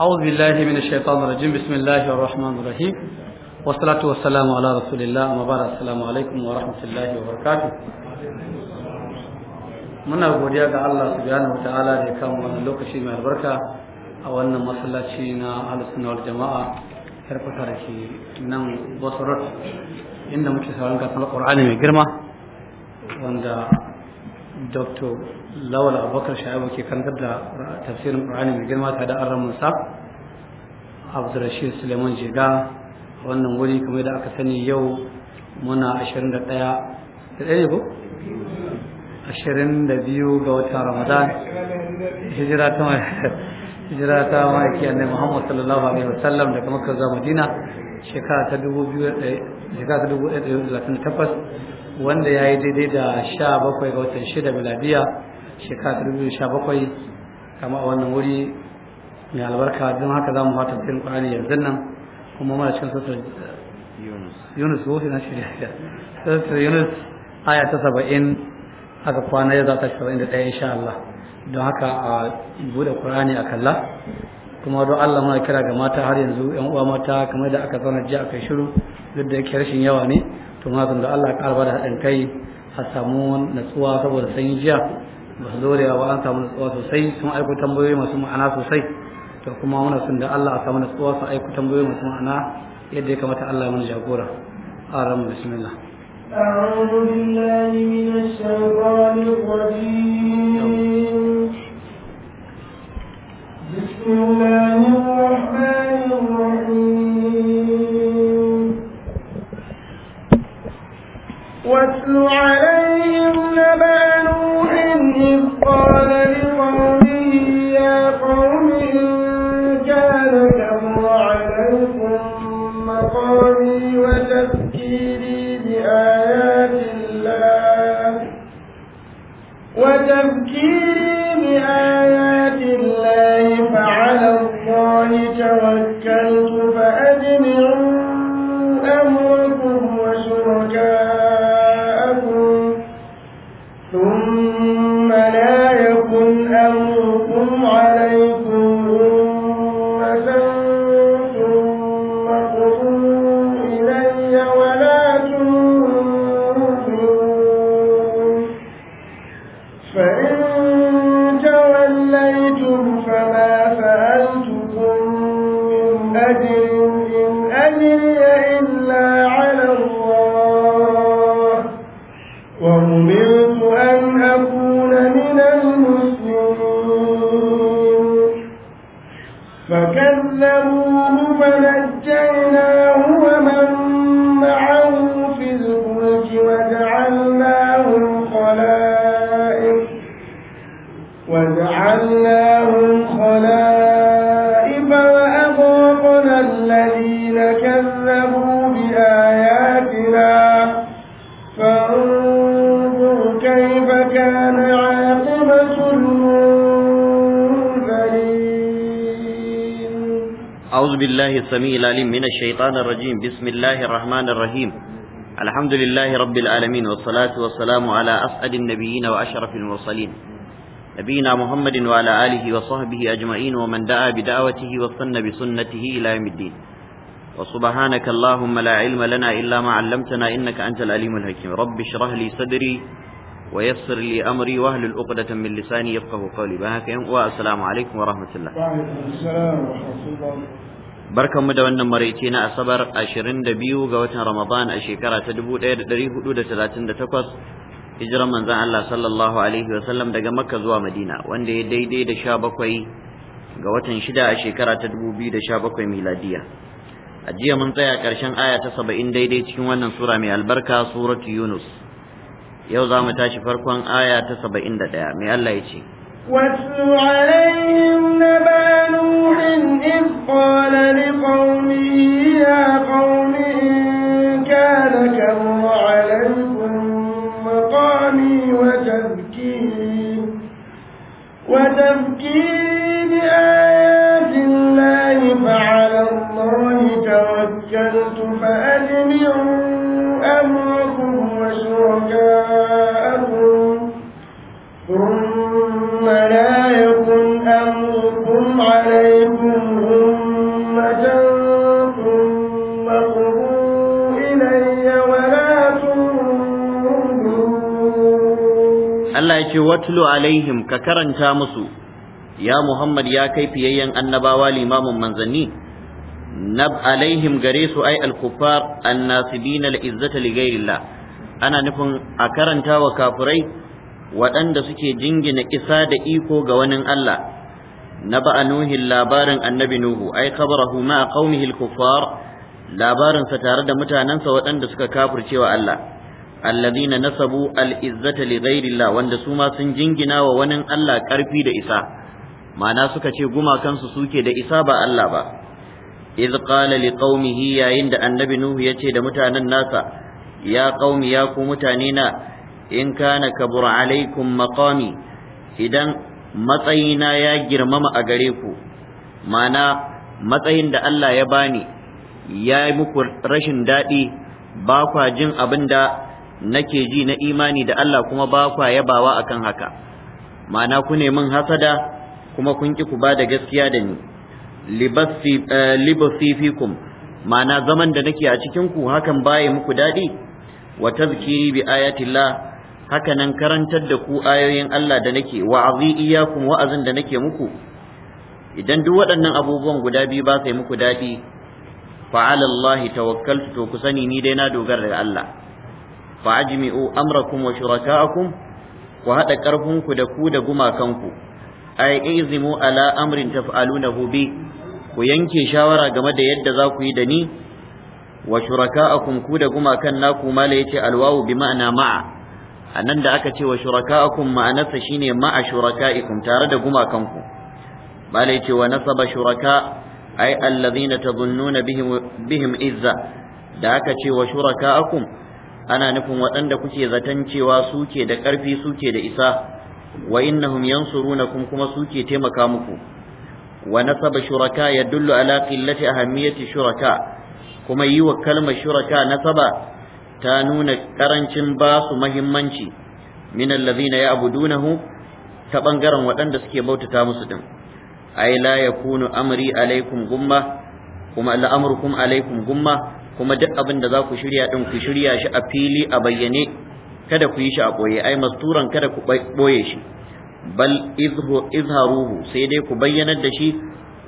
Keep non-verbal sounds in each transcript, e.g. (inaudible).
أعوذ بالله من الشيطان الرجيم بسم الله الرحمن الرحيم والصلاة والسلام على رسول الله مبارك السلام عليكم ورحمة الله وبركاته muna godiya ga Allah subhanahu wataala da ya kama wannan lokaci mai albarka a wannan masallaci na alusunna jama'a yar ke nan Bosrot inda muke sauran gasar Qur'ani mai girma dr lawal abubakar sha'ibu ke kantar da tafsirin ƙur'ani mai girma ta da arramin sa abdurrashid suleiman jega wannan wuri kamar da aka sani yau muna 21 da ɗaya ko 22 ga wata ramadan hijira ta hijira ta ma'aiki annabi muhammad sallallahu alaihi wasallam daga makka zuwa madina shekara ta 2038 wanda ya yi daidai da sha bakwai ga watan shida miladiya shekara ta biyu sha bakwai kama a wannan wuri mai albarka don haka za mu fata cikin ƙwarani yanzu nan kuma mara cikin sassan yunus wofi na shirya sassan yunus aya ta saba'in haka kwana ya za ta saba'in da ɗaya insha Allah don haka a buɗe ƙwarani a kalla kuma don Allah muna kira ga mata har yanzu 'yan uwa mata kamar da aka zauna jiya aka shiru duk da yake rashin yawa ne to mazan da Allah ƙara da haɗin kai a samu natsuwa saboda sanyi jiya ba su dorewa ba an samu natsuwa sosai sun aiko tambayoyi masu ma'ana sosai to kuma muna sun da Allah a samu natsuwa sun aiko tambayoyi masu ma'ana yadda ya kamata Allah ya mana jagora aram bismillah أعوذ بالله من الشيطان الرجيم بسم الله الرحمن الرحيم واتل عليهم نوح إذ قال لقومه يا قوم إن كان عليكم مقامي وتذكيري بآيات الله وتذكيري بآيات الشيطان الرجيم بسم الله الرحمن الرحيم الحمد لله رب العالمين والصلاة والسلام على أسعد النبيين وأشرف المرسلين نبينا محمد وعلى آله وصحبه أجمعين ومن دعا بدعوته وصن بسنته إلى يوم الدين وسبحانك اللهم لا علم لنا إلا ما علمتنا إنك أنت الأليم الحكيم رب اشرح لي صدري ويسر لي أمري وأهل الأقدة من لساني يفقه قولي بهاك والسلام عليكم ورحمة الله وعليكم السلام ورحمة الله barkanmu da wannan maraice na asabar 22 ga watan ramadan a shekara ta 1438 hijiran manzon Allah sallallahu alaihi wasallam daga makka zuwa madina wanda ya daidai da 17 ga watan 6 a shekara ta 2017 miladiya a jiya mun tsaya karshen aya ta 70 daidai cikin wannan sura mai albarka suratu yunus yau za mu tashi farkon aya ta 71 mai Allah ya ce wasu alaihim naba إذ قال لقومه ka karanta musu ya Muhammad ya kai fiyayyen annabawa limamin manzanni nab alaihim gare su ai al-kuffar annasibina al-izzata ana nufin a karanta wa kafurai waɗanda suke jingina isa da iko ga wani Allah naba nuhin labarin annabi nuhu ai khabarahu ma qaumihi al kufar labarinsa tare da mutanansa waɗanda suka kafircewa Allah alladhina nasabu al-izzata li ghairillah wanda su ma sun jingina wa wani Allah karfi da isa ma'ana suka ce gumakansu suke da isa ba Allah ba idh qala liqaumihi yayin da annabi nuhu ya ce da mutanen nasa ya qaumi ku mutane na in kana kabur alaikum maqami idan matsayina ya girmama a gare ku ma'ana matsayin da Allah ya bani ya yi muku rashin daɗi bakwa jin abin da nake ji na imani da Allah kuma ba kwa yabawa akan haka ma'ana ku ne min hasada kuma kun ki ku bada gaskiya da ni eh, libasi fikum ma'ana zaman da nake a cikin ku hakan baye muku dadi wa tazkiri bi ayatillah haka nan karantar da ku ayoyin Allah da nake wa azi iyakum wa'azin da nake muku idan duk waɗannan abubuwan guda biyu ba sai muku daɗi, fa ala tawakkaltu to ku sani ni dai na dogara da Allah fa ajmi'u amrakum wa shuraka'akum ku haɗa ƙarfinku da ku da gumakanku ai izimu ala amrin taf'alunahu bi ku yanke shawara game da yadda za ku yi da ni wa shuraka'akum ku da gumakan naku mala yace alwawu bi ma'ana ma'a anan da aka ce wa shuraka'akum ma'anarsa shine ma'a shuraka'ikum tare da gumakanku mala yace wa nasaba shuraka ai alladhina tazunnuna bihim bihim izza da aka ce wa shuraka'akum ana nufin waɗanda kuke zaton cewa suke da ƙarfi suke da isa wa innahum yansurunakum kuma suke taimaka muku wa nasaba shuraka yadullu ala qillati ahamiyati shuraka kuma yi wa kalmar shuraka nasaba ta nuna karancin ba su muhimmanci min allazina ya'budunahu ta bangaren waɗanda suke bautata musu din ay la yakunu amri alaikum gumma kuma al'amrukum alaikum gumma kuma duk abin da za ku shirya din ku shirya shi a fili a bayyane kada ku yi shi a boye ai masturan kada ku ɓoye shi bal izharuhu sai dai ku bayyanar da shi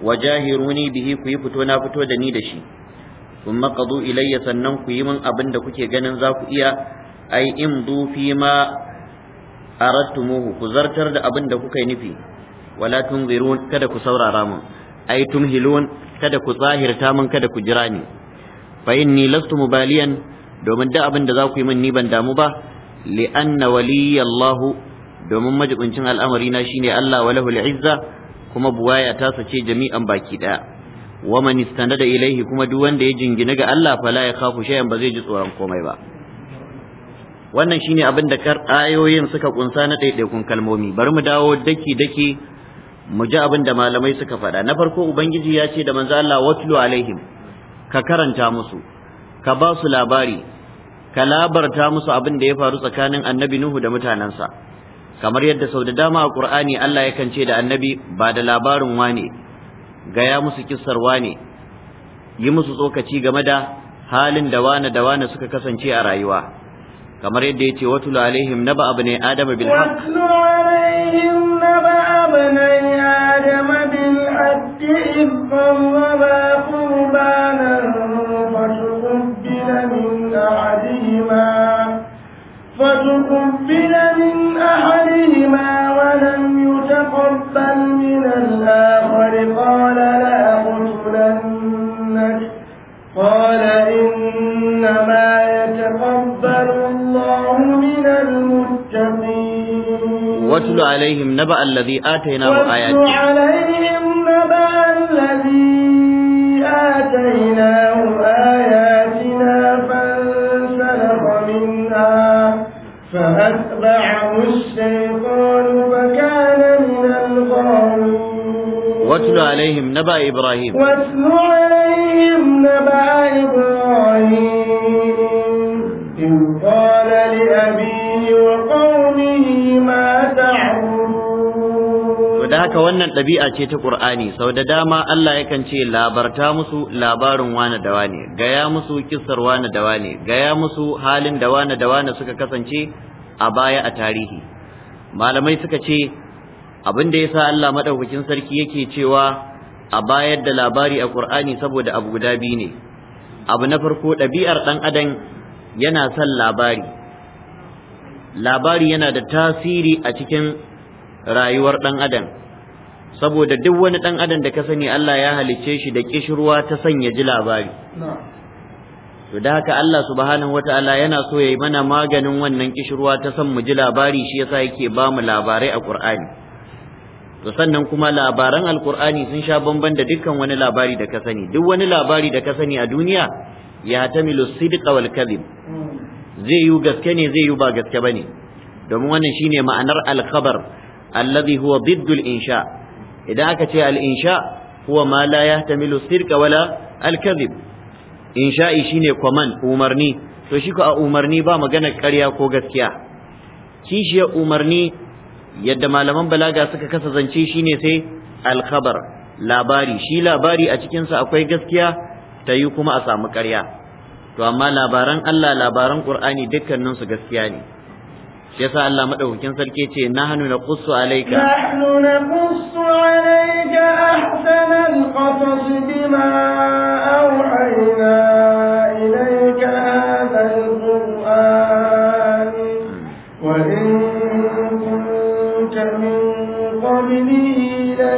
wajahiruni bihi ku yi fito na fito da ni da shi kuma qadu ilayya sannan ku yi min abin da kuke ganin za ku iya ai imdu fi ma aradtumuhu ku zartar da abin da kuka yi nufi wala tunzirun kada ku saurara min ai tumhilun kada ku zahirta min kada ku jira ni fa inni lastu mubaliyan domin da abin da za ku yi min ni ban damu ba li anna waliyallahu domin majibincin al'amarina na shine Allah wa lahul izza kuma buwaya ta sace jami'an baki ɗaya, wa man da ilaihi kuma duk wanda ya jingina ga Allah fala ya khafu shay'an ba zai ji tsoron komai ba wannan shine abin da kar ayoyin suka kunsa na ɗaiɗaikun kalmomi bari mu dawo daki daki mu ji abin da malamai suka faɗa na farko ubangiji ya ce da manzo Allah watlu alaihim ka karanta musu ka ba su labari ka labarta musu abin da ya faru tsakanin annabi nuhu da mutanensa kamar yadda sau da dama a qur'ani Allah yakan ce da annabi ba da labarin wane gaya musu kissar wane yi musu tsokaci game da halin da wane da wane suka kasance a rayuwa kamar yadda ya ce watu alaihim naba abu ne adama bil haq adama تقبل من أحدهما ولم يتقبل من الآخر قال لأقتلنك قال إنما يتقبل الله من المتقين واتل عليهم نبأ الذي آتيناه آياتنا عليهم واتل عليهم نبا ابراهيم واتل عليهم نبا ابراهيم إذ قال لأبيه وقومه ما تعبدون da haka wannan ɗabi'a ce ta qur'ani sau da dama Allah yakan ce labarta musu labarin wani da ne, gaya musu kissar wani da ne, gaya musu halin da wane da wane suka kasance a baya a tarihi malamai suka ce abin da yasa Allah madaukakin sarki yake cewa a bayar da labari a Qur'ani saboda abu guda biyu ne abu na farko ɗabi'ar ɗan adam yana son labari labari yana da tasiri a cikin rayuwar ɗan adam saboda duk wani ɗan adam da ka sani Allah ya halicce shi da kishirwa ta sanya ji labari to da haka Allah subhanahu wataala yana so yayi mana maganin wannan kishirwa ta san mu ji labari shi yasa yake ba mu labarai a Qur'ani to sannan kuma labaran alqur'ani sun sha bamban da dukkan wani labari da ka sani duk wani labari da ka sani a duniya ya tamilu sidqa wal kadhib zai yi gaske ne zai yi ba gaske bane domin wannan shine ma'anar al-khabar alladhi huwa al-insha idan aka ce al-insha huwa ma la yahtamilu sidqa wala al-kadhib insha'i shine kwaman umarni to shi ko a umarni ba magana ƙarya ko gaskiya kishiyar umarni yadda malaman balaga suka kasa zance shine sai alkhabar labari shi labari a cikinsa akwai gaskiya ta yi kuma a samu ƙarya to amma labaran Allah labaran Qur'ani dukkaninsu gaskiya ne shi yasa Allah madaukakin sarki ce na naqussu alayka nahnu naqussu عليك أحسن القصص بما أوحينا إليك هذا القرآن وإن كنت من قبله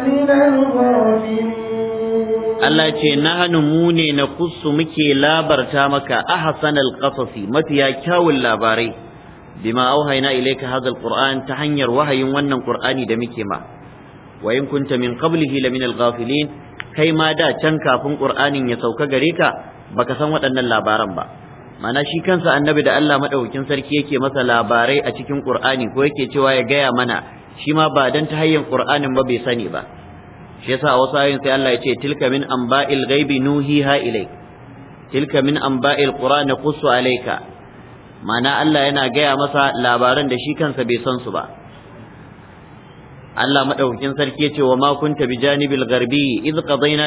لمن الغافلين Allah ce na hannu mu ne na kusu muke labarta maka a ahsanal qasasi mafiya kyawun labarai bima auhayna ilayka hadha alquran ta hanyar wahayin wannan qur'ani da muke ma wa in kunta min qablihi la min al-ghafilin kai ma da can kafin qur'anin ya sauka gare ka baka san waɗannan labaran ba mana shi kansa annabi da Allah madaukakin sarki yake masa labarai a cikin qur'ani ko yake cewa ya gaya mana shi ma ba dan ta hayyan qur'anin ba bai sani ba shi yasa a wasu ayoyin sai Allah ya ce tilka min amba'il ghaibi nuhiha ilayk tilka min amba'il qur'ani qussu alayka mana Allah yana gaya masa labaran da shi kansa bai san su ba Allah madaukakin sarki yace wa ma kunta bijanibil gharbi id ila musa wa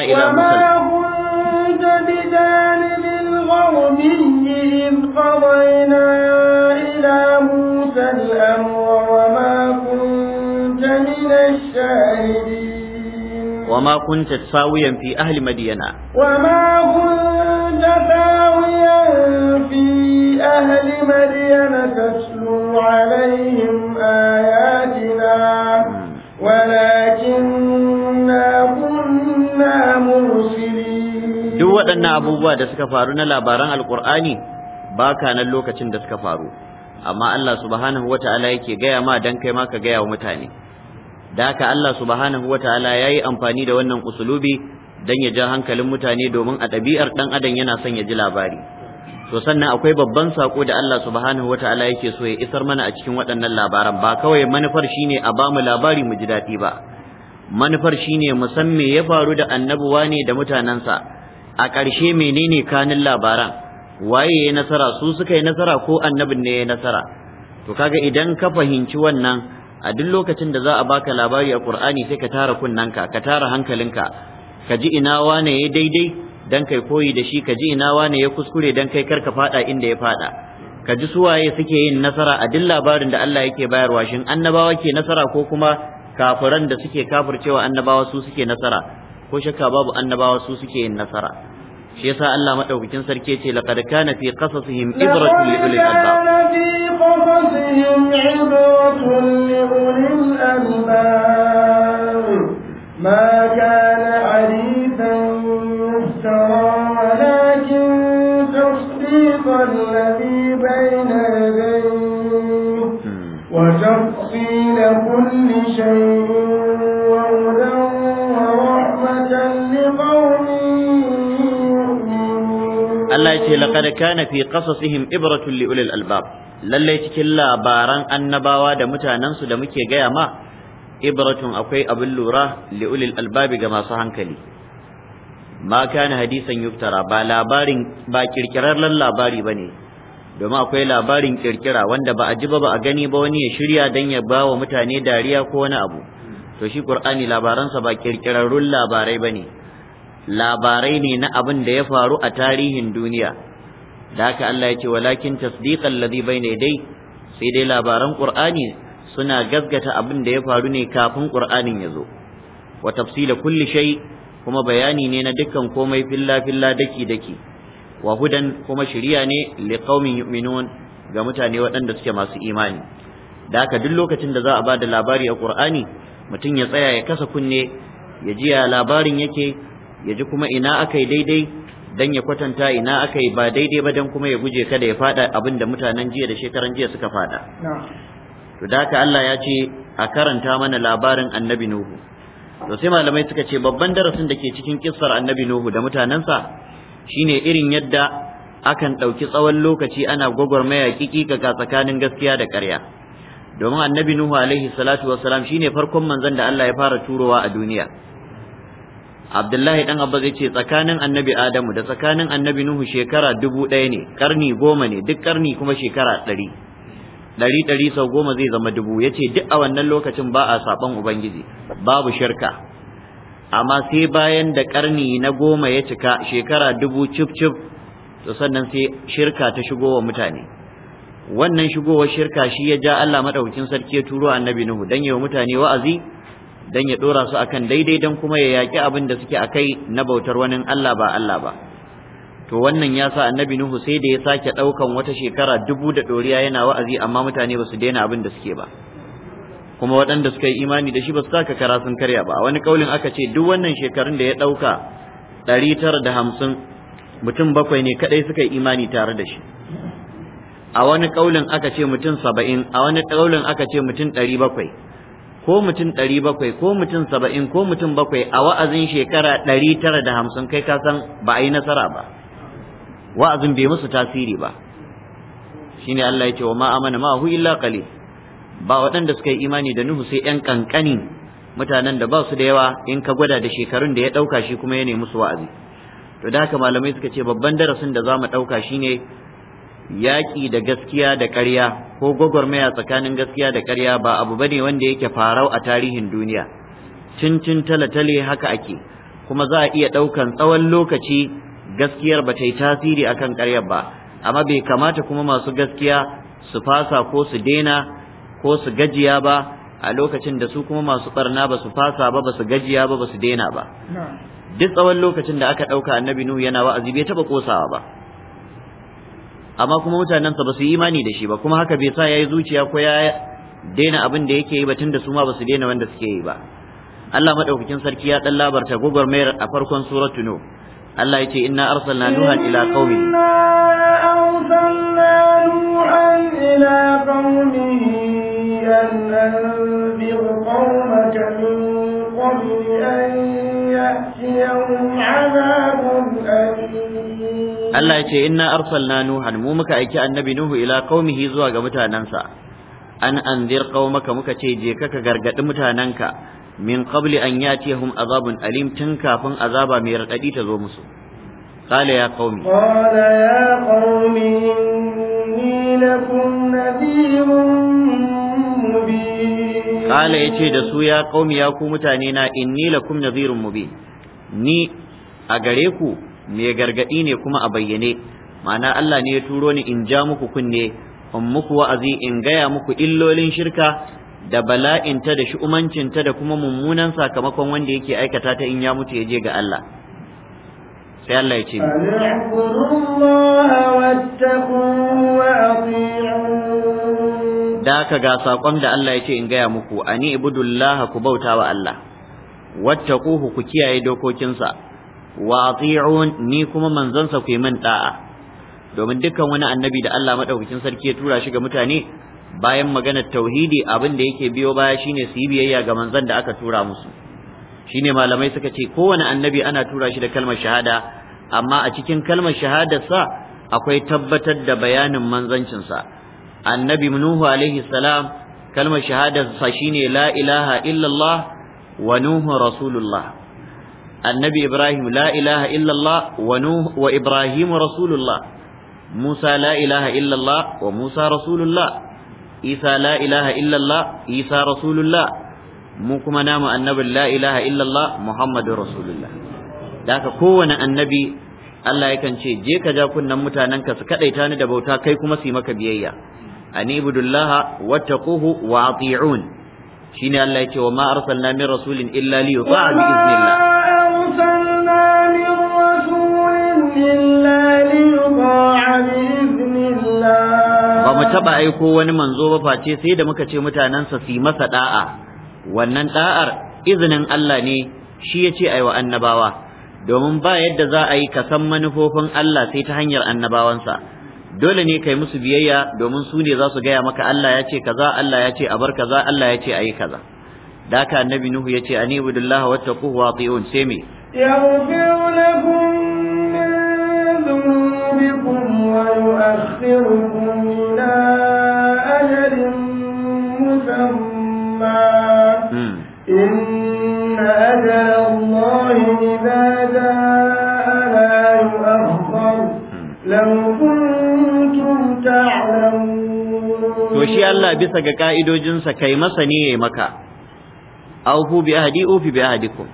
gharbi id qadaina ila musa al-amra wa ma kunta minash shahidin wa ma kunta sawiyan fi ahli madyana wa fi ahli duk waɗannan abubuwa da suka faru na labaran Alƙur'ani ba ka nan lokacin da suka faru amma Allah subhanahu ta'ala yake gaya ma dan kai ma ka gaya wa mutane da haka Allah subhanahu wataala yi amfani da wannan usulubi don ya ja hankalin mutane domin a ɗabi'ar ɗan adam yana son ya ji labari to sannan akwai babban sako da Allah subhanahu wataala yake so ya isar mana a cikin waɗannan labaran ba kawai manufar shine a bamu labari mu ji daɗi ba manufar shine mu san ya faru da annabuwa ne da mutanansa a ƙarshe menene kanin labaran waye ya nasara su suka yi nasara ko annabin ne ya nasara to kaga idan ka fahimci wannan a duk lokacin da za a baka labari a Qur'ani sai ka tara kunnanka ka tara hankalinka ka ji ina wane ya daidai dan kai koyi da shi ka ji ina wane ya kuskure dan kai karka fada inda ya fada ka ji suwaye suke yin nasara a duk labarin da Allah yake bayarwa shin annabawa ke nasara ko kuma kafiran da suke kafircewa annabawa su suke nasara ko shakka babu annabawa su suke yin nasara shi yasa Allah madaukakin sarki ce laqad kana fi qasasihim ibratun li ulil albab ma kana Allah ce laqad kana fi qasasihim ibratun li ulil albab lallai cikin labaran annabawa da mutanen su da muke gaya ma ibratun akwai abin lura li ulil albab ga masu hankali ma kana hadisan yuftara ba labarin ba kirkirar labari bane domin akwai labarin kirkira wanda ba a ji ba ba a gani ba wani ya shirya don ya ba wa mutane dariya ko wani abu to shi qur'ani labaransa ba kirkirarrun labarai ba ne. labarai ne na abin da ya faru a tarihin duniya da haka Allah ya ce walakin tasdiqan ladhi bayna dai, sai dai labaran qur'ani suna gaskata abin da ya faru ne kafin qur'anin ya zo wa tafsila kulli shay kuma bayani ne na dukkan komai filla filla daki daki wa hudan kuma shiriya ne liqaumin yu'minun ga mutane waɗanda suke masu imani da haka duk lokacin da za a ba da labari a Qur'ani mutum ya tsaya ya kasa kunne ya ji ya labarin yake ya ji kuma ina akai daidai dan ya kwatanta ina akai ba daidai ba dan kuma ya guje kada ya fada abin da mutanen jiya da shekaran jiya suka fada to da haka Allah ya ce a karanta mana labarin annabi Nuhu to sai malamai suka ce babban darasin da ke cikin kissar annabi Nuhu da mutanensa shine irin yadda akan ɗauki tsawon lokaci ana gwagwarmaya ga tsakanin gaskiya da ƙarya domin annabi nuhu alaihi salatu wassalam shine farkon manzon da Allah ya fara turowa a duniya Abdullahi dan Abba zai ce tsakanin annabi Adamu da tsakanin annabi Nuhu shekara dubu ɗaya ne karni goma ne duk karni kuma shekara ɗari ɗari ɗari sau goma zai zama dubu ya ce duk a wannan lokacin ba a saɓon Ubangiji babu shirka amma sai bayan da karni na goma ya cika shekara dubu cif cif to sannan sai shirka ta shigo wa mutane wannan shigowar shirka shi ya ja Allah madaukakin sarki ya turo annabi Nuhu dan yayin mutane wa'azi dan ya dora su akan daidai dan kuma ya yaki abin da suke akai na bautar wani Allah ba Allah ba to wannan ya sa annabi Nuhu sai da ya sake daukan wata shekara dubu da doriya yana wa'azi amma mutane ba su daina abin da suke ba kuma waɗanda suka yi imani da shi ba su saka kara sun karya ba wani kaulin aka ce duk wannan shekarun da ya ɗauka ɗari tara da hamsin mutum bakwai ne kaɗai suka yi imani tare da shi a wani kaulin aka ce mutum saba'in a wani kaulin aka ce mutum ɗari bakwai ko mutum ɗari bakwai ko mutum saba'in ko mutum bakwai a wa'azin shekara ɗari tara da hamsin kai ka san ba a yi nasara ba wa'azin bai musu tasiri ba shine Allah ya ce wa ma amana ma hu illa qalil ba waɗanda suka yi imani da Nuhu sai 'yan kankani mutanen da ba su da yawa in ka gwada da shekarun da ya ɗauka shi kuma ya nemi su wa'azi to da haka malamai suka ce babban darasin da za mu ɗauka shi ne yaƙi da gaskiya da ƙarya ko gwagwarmaya tsakanin gaskiya da ƙarya ba abu bane wanda yake farau a tarihin duniya cincin talatale haka ake kuma za a iya ɗaukan tsawon lokaci gaskiyar ba ta yi tasiri akan ƙaryar ba amma bai kamata kuma masu gaskiya su fasa ko su daina ko su gajiya ba a lokacin da su kuma masu barna ba su fasa ba ba su gajiya ba ba su daina ba duk tsawon lokacin da aka ɗauka annabi nuhu yana wa'azi bai taɓa kosawa ba amma kuma mutanensa ba su yi imani da shi ba kuma haka bai sa ya yi zuciya ko ya daina abin da yake yi ba tunda su ma ba su daina wanda suke yi ba Allah madaukakin sarki ya dan labarta gwagwarmayar a farkon suratu nuh Allah ya ce inna arsalna nuhan ila qaumi inna arsalna nuhan ila qaumihi أن Allah ya ce inna arsalna nuhan mu muka aiki annabi nuhu ila qaumihi zuwa ga mutanansa an anzir qaumaka muka ce je ka gargadi mutananka min qabli an yatihum azabun alim tun kafin azaba mai radadi ta zo musu qala ya qaumi qala ya qaumi inni nadhirun ya ce da su ya qaumi ya ku mutane na kum lakum mu mubin ni a gare ku me gargadi ne kuma a bayyane ma'ana Allah ne ya turo ni in ja muku kunne in muku wa'azi in gaya muku illolin shirka da bala'inta da shu'umancinta da kuma mummunan sakamakon wanda yake aikata ta in ya mutu ya je ga Allah sai Allah ya ce da haka ga saƙon da Allah ya ce in gaya muku ani ibudullaha ku bauta wa Allah wattaquhu ku kiyaye dokokinsa wa ati'un ni kuma manzansa ku yi min da'a domin dukkan wani annabi da Allah madaukakin sarki ya tura shi ga mutane bayan maganar tauhidi abin da yake biyo baya shine su yi biyayya ga manzon da aka tura musu shine malamai suka ce kowane annabi ana tura shi da kalmar shahada amma a cikin kalmar sa akwai tabbatar da bayanin manzancinsa annabi nuhu alaihi salam kalmar shahadar sa shine la ilaha illallah wa nuhu rasulullah annabi ibrahim la ilaha illallah wa nuhu wa ibrahim rasulullah musa la ilaha illallah wa musa rasulullah isa la ilaha illallah isa rasulullah mu kuma namu annabin la ilaha illallah muhammadur rasulullah da haka kowane annabi Allah yakan ce je ka ja kunnan mutanenka su kadaita ni da bauta kai kuma su yi maka biyayya an ibudullaha wattaquhu wa ati'un shine Allah yake wa ma arsalna min rasulin illa li yuta'a bi ba mu taba aiko wani manzo ba face sai da muka ce mutanensa su yi masa da'a wannan da'ar izinin Allah ne shi yace aiwa annabawa domin ba yadda za a yi kasan manufofin Allah sai ta hanyar annabawansa dole ne kai musu biyayya domin su ne za su gaya maka Allah ya ce kaza Allah ya ce a bar kaza Allah ya ce a yi kaza da annabi nuhu ya ce ani budullaha wattaquhu wa ati'un sai me yaghfir lakum min to shi Allah bisa ga ka'idojinsa kai masa ne yayi maka awfu bi ahdi ufi bi ahdikum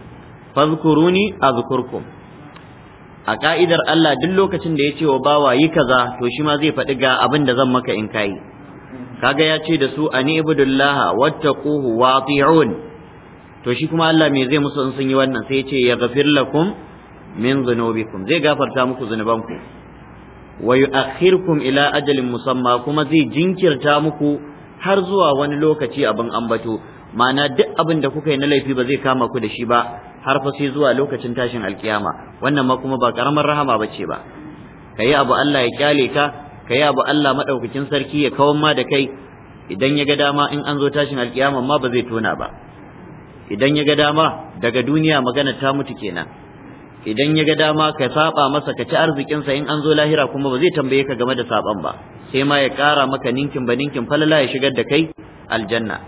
fadhkuruni azkurkum a ka'idar Allah duk lokacin da ya ce wa bawa yi kaza to shi ma zai faɗi ga abin da zan maka in kai kaga ya ce da su ani ibudullaha wattaquhu wa to shi kuma Allah me zai musu in sun yi wannan sai ya ce ya ghafir lakum min dhunubikum zai gafarta muku zunubanku wa yu'akhirkum ila ajalin musamma kuma zai jinkirta muku har zuwa wani lokaci abin ambato ma'ana duk abin da kuka yi na laifi ba zai kama ku da shi ba har fa sai zuwa lokacin tashin alkiyama wannan ma kuma ba karamar rahama bace ba kayi abu Allah ya kyale ka kayi abu Allah madaukakin sarki ya kawo ma da kai idan ya ga dama in an zo tashin alkiyama ma ba zai tona ba idan ya ga dama daga duniya magana ta mutu kenan idan ya ga dama ka saba masa ka ci arzikinsa in an zo lahira kuma ba zai tambaye ka game da saban ba sai ma ya kara maka ninkin ba ninkin falala ya shigar da kai aljanna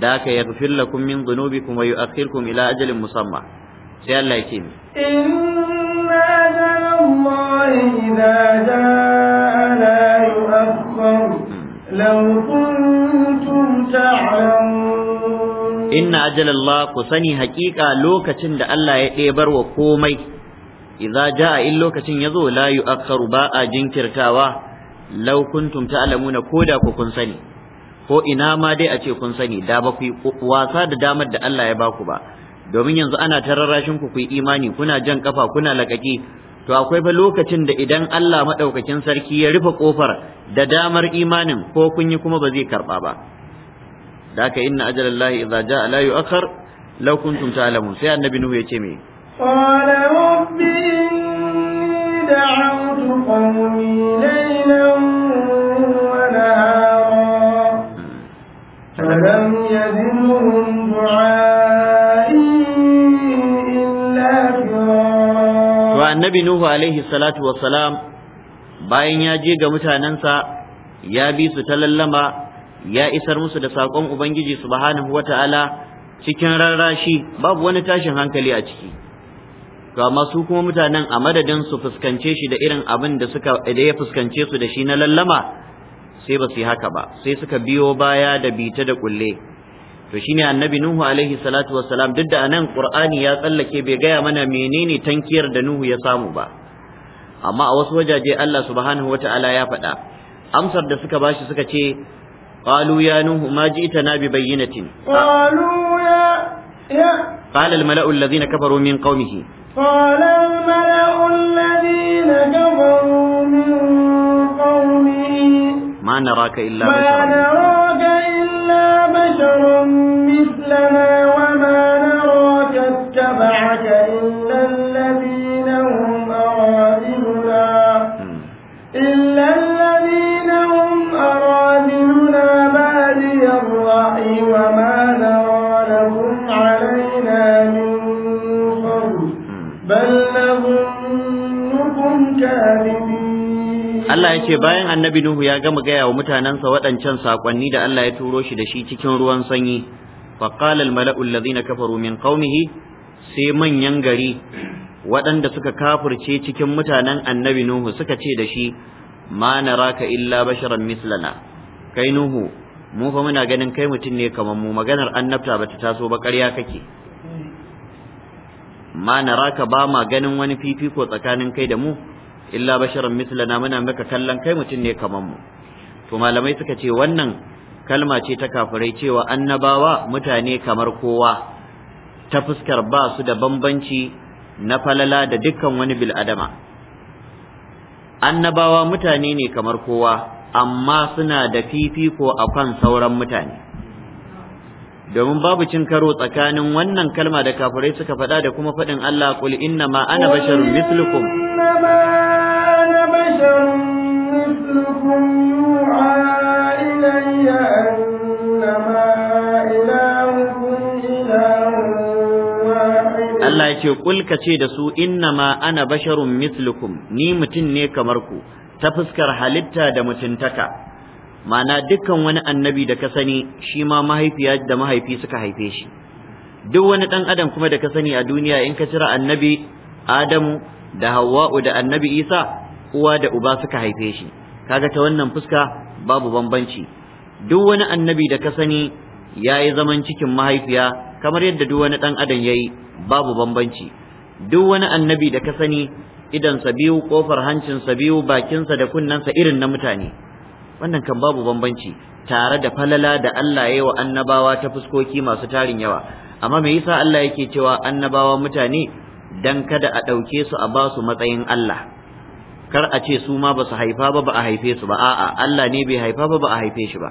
da ka yaghfir lakum min dhunubikum wa yu'akhirkum ila ajalin musamma sai Allah ya ce ni inna allahi idza jaa la law inna ajalallah ku sani haƙiƙa lokacin da Allah ya ɗebar wa komai idza jaa in lokacin yazo la yu'akhkharu ba a jinkirtawa law kuntum ta'lamuna koda ku kun sani ko ina ma dai a ce kun sani da ba ku wasa da damar da Allah ya baku ba domin yanzu ana tararrashin ku ku imani kuna jan kafa kuna lakaki to akwai fa lokacin da idan Allah madaukakin sarki ya rufe kofar da damar imanin ko kun yi kuma ba zai karba ba da haka inna ajalallahi idza a la yu'akhkhar law kuntum ta'lamun sai annabi nuhu yace me qala wa annabi nuhu alaihi salatu wa salam bayan ya je ga mutanansa ya bi su ta lallama ya isar musu da sakon ubangiji subhanahu ta’ala cikin rarrashi babu wani tashin hankali a ciki to amma su kuma mutanen a madadin su fuskance shi da irin abin da suka da ya fuskance su da shi na lallama sai ba su yi haka ba sai suka biyo baya da bita da kulle to shine annabi nuhu alaihi salatu wassalam duk da anan qur'ani ya tsallake bai gaya mana menene tankiyar da nuhu ya samu ba amma a wasu wajaje Allah subhanahu wataala ya faɗa amsar da suka bashi suka ce قالوا يا نوح ما جئتنا ببينة قالوا يا, يا قال الملأ الذين كفروا من قومه قال الملأ الذين كفروا من قومه ما نراك إلا ما بشرا ما نراك إلا بشرا مثلنا وما نراك اتبعك إلا وما نرى علينا من بل نظنكم كاذبين Allah ya ce bayan annabi Nuhu ya gama gaya wa mutanensa waɗancan saƙonni da Allah ya turo shi da shi cikin ruwan sanyi faƙalar al-mala'u alladhina kafaru min qaumihi sai manyan gari waɗanda suka kafurce cikin mutanen annabi Nuhu suka ce da shi ma na raka illa basharan mislana kai Nuhu mu fa muna ganin kai mutum ne kamar mu maganar annabta bata taso ba ƙarya kake ma raka ba ma ganin wani fifiko tsakanin kai da mu illa basharan mislana muna maka kallon kai mutum ne kamar mu to malamai suka ce wannan kalma ce ta kafirai cewa annabawa mutane kamar kowa ta fuskar ba su da bambanci na falala da dukkan wani bil'adama annabawa mutane ne kamar kowa amma suna da fifiko a kan sauran mutane domin babu cin karo tsakanin wannan kalma da kafirai suka faɗa da kuma faɗin Allah qul inna ma ana basharun mislukum basharun Allah ya ce Kulka ce da su inna ma ana basharun mislukum ni mutum ne kamar ku ta fuskar halitta da mutuntaka ma'ana dukkan wani annabi da ka sani shi ma mahaifiya da mahaifi suka haife shi duk wani ɗan adam kuma da ka sani a duniya in ka cira annabi adamu da hawa'u da annabi isa uwa da uba suka haife shi kaga ta wannan fuska babu bambanci duk wani annabi da ka sani ya yi zaman cikin mahaifiya kamar yadda duk wani ɗan adam ya yi babu bambanci duk wani annabi da ka sani idansa biyu kofar hancinsa biyu bakinsa da kunnensa irin na mutane wannan kan babu bambanci tare da falala da Allah ya yi wa annabawa ta fuskoki masu tarin yawa amma me yasa Allah yake cewa annabawa mutane dan kada a ɗauke su a ba su matsayin Allah kar a ce su ma ba su haifa ba ba a haife su ba a'a Allah ne bai haifa ba ba a haife shi ba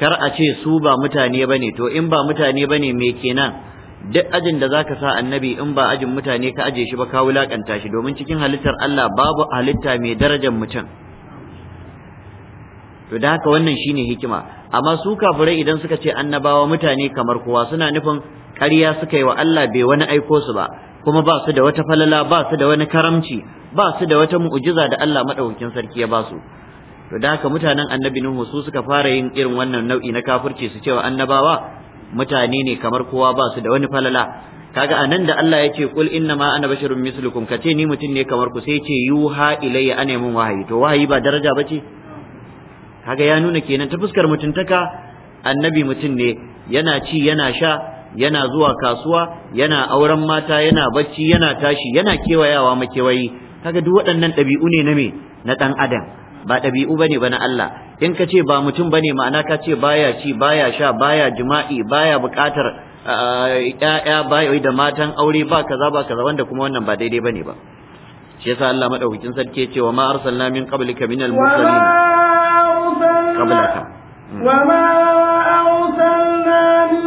kar a ce su ba mutane bane to in ba mutane bane me kenan duk ajin da zaka sa annabi in ba ajin mutane ka aje shi ba ka wulakanta shi domin cikin halittar Allah babu halitta mai darajar mutum to da haka wannan shine hikima amma su kafirai idan suka ce annabawa mutane kamar kowa suna nufin ƙarya suka yi wa Allah bai wani aiko su ba kuma ba su da wata falala ba su da wani karamci ba su da wata mu'jiza da Allah madaukakin sarki ya ba su to da haka mutanen annabi Nuhu su suka fara yin irin wannan nau'i na kafirci su ce wa annabawa mutane ne kamar kowa ba su da wani falala kaga anan da Allah ya ce kul inna ma ana basharun mislukum kace ni mutum ne kamar ku sai ce yuha ilayya ana mun wahayi to wahayi ba daraja bace kaga ya nuna kenan ta fuskar mutuntaka annabi mutum ne yana ci yana sha yana zuwa kasuwa yana auren mata yana bacci yana tashi yana kewayawa makewayi kaga duk waɗannan ɗabi'u ne na me na ɗan adam ba ɗabi'u bane ba na Allah in ka ce ba mutum bane ma'ana ka ce baya ci baya sha baya jima'i baya buƙatar ƴaƴa baya da matan aure ba kaza ba kaza wanda kuma wannan ba daidai bane ba shi yasa Allah madaukakin sarki ya ce wa ma arsalna min qablika minal mursalin qablaka hmm. wa ma arsalna min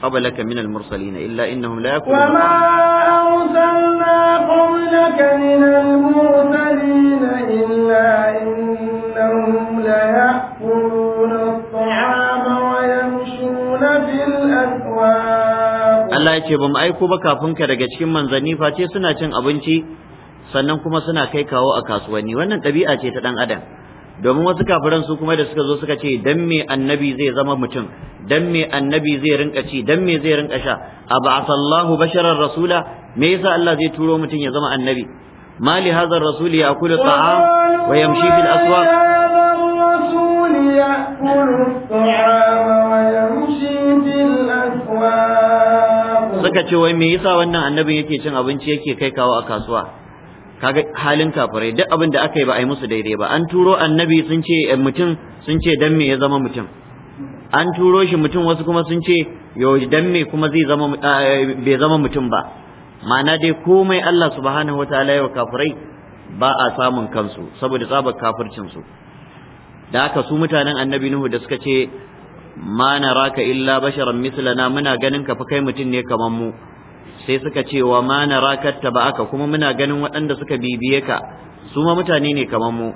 qablaka mursalin illa innahum la yakununa أرسلنا قبلك من المرسلين إلا إنهم ليأكلون الطعام ويمشون في الأسواق Allah ya ce ba mu aiko ba kafin ka daga cikin manzanni face suna cin abinci sannan kuma suna kai kawo a kasuwanni wannan ɗabi'a ce ta ɗan adam domin wasu kafiran su kuma da suka zo suka ce dan me annabi zai zama mutum dan me annabi zai rinka ci dan me zai rinka sha ab'athallahu basharar rasula me yasa Allah zai turo mutum ya zama annabi mali hadha ar-rasul ya'kulu at-ta'am wa yamshi fil aswaq suka ce wai me yasa wannan annabin yake cin abinci yake kai kawo a kasuwa kaga halin kafirai duk abin da aka yi ba a yi musu daidai ba an turo annabi sun ce eh, mutum sun ce dan me ya zama mutum an turo shi mutum wasu kuma sun ce yo dan me kuma zai zama eh, bai zama mutum ba ma'ana dai komai Allah subhanahu wataala ya kafirai ba a samun kansu saboda tsabar kafircin su da haka su mutanen annabi nuhu da suka ce ma ka illa basharan mislana muna ganin ka fa kai mutum ne kaman mu sai suka ce wa ma naraka taba'aka kuma muna ganin waɗanda suka bibiye ka su ma mutane ne kaman mu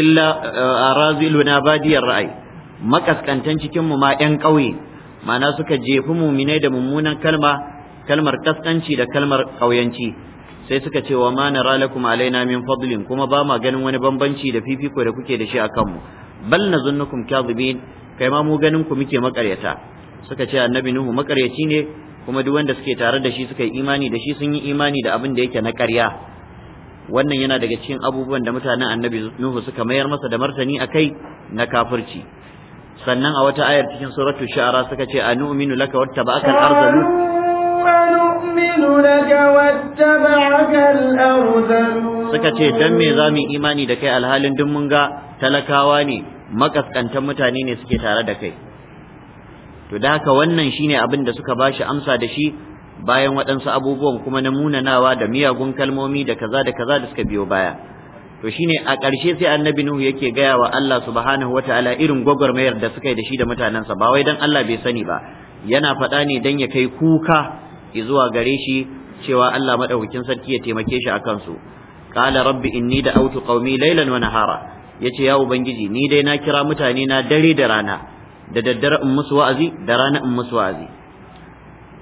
illa eh, araziluna badiyar ra'ayi makaskantan cikin mu ma 'yan ƙauye ma'ana suka jefi muminai da mummunan kalma kalmar kaskanci da kalmar kauyanci sai suka ce wa ma nara lakum alaina min fadlin kuma ba ma ganin wani bambanci da fifiko da kuke da shi a kanmu bal nazunnukum kadhibin kai ma mu ganin ku muke makaryata suka ce annabi nuhu makaryaci ne kuma duk wanda suke tare da shi suka yi imani da shi sun yi imani da abin da yake na ƙarya wannan yana daga cikin abubuwan da mutanen annabi nuhu suka mayar masa da martani akai na kafirci sannan a wata ayar cikin suratul shu'ara suka ce anu'minu laka wattaba'aka al ardh suka ce don me za mu imani da kai alhalin duk mun ga talakawa ne makaskantan mutane ne suke tare da kai to da haka wannan shine abin da suka ba shi amsa da shi bayan waɗansu abubuwan kuma na munanawa da miyagun kalmomi da kaza da kaza da suka biyo baya to shine a ƙarshe sai annabi nuhu yake gaya wa Allah subhanahu wataala irin gwagwarmayar da suka yi da shi da mutanensa ba wai dan Allah bai sani ba yana faɗa ne dan ya kai kuka zuwa gare shi cewa Allah madaukakin sarki ya taimake shi akan su qala rabbi inni da'awtu qaumi laylan wa nahara yace ya ubangiji ni dai na kira mutane na dare da rana da daddare in musu wa'azi da rana in musu wa'azi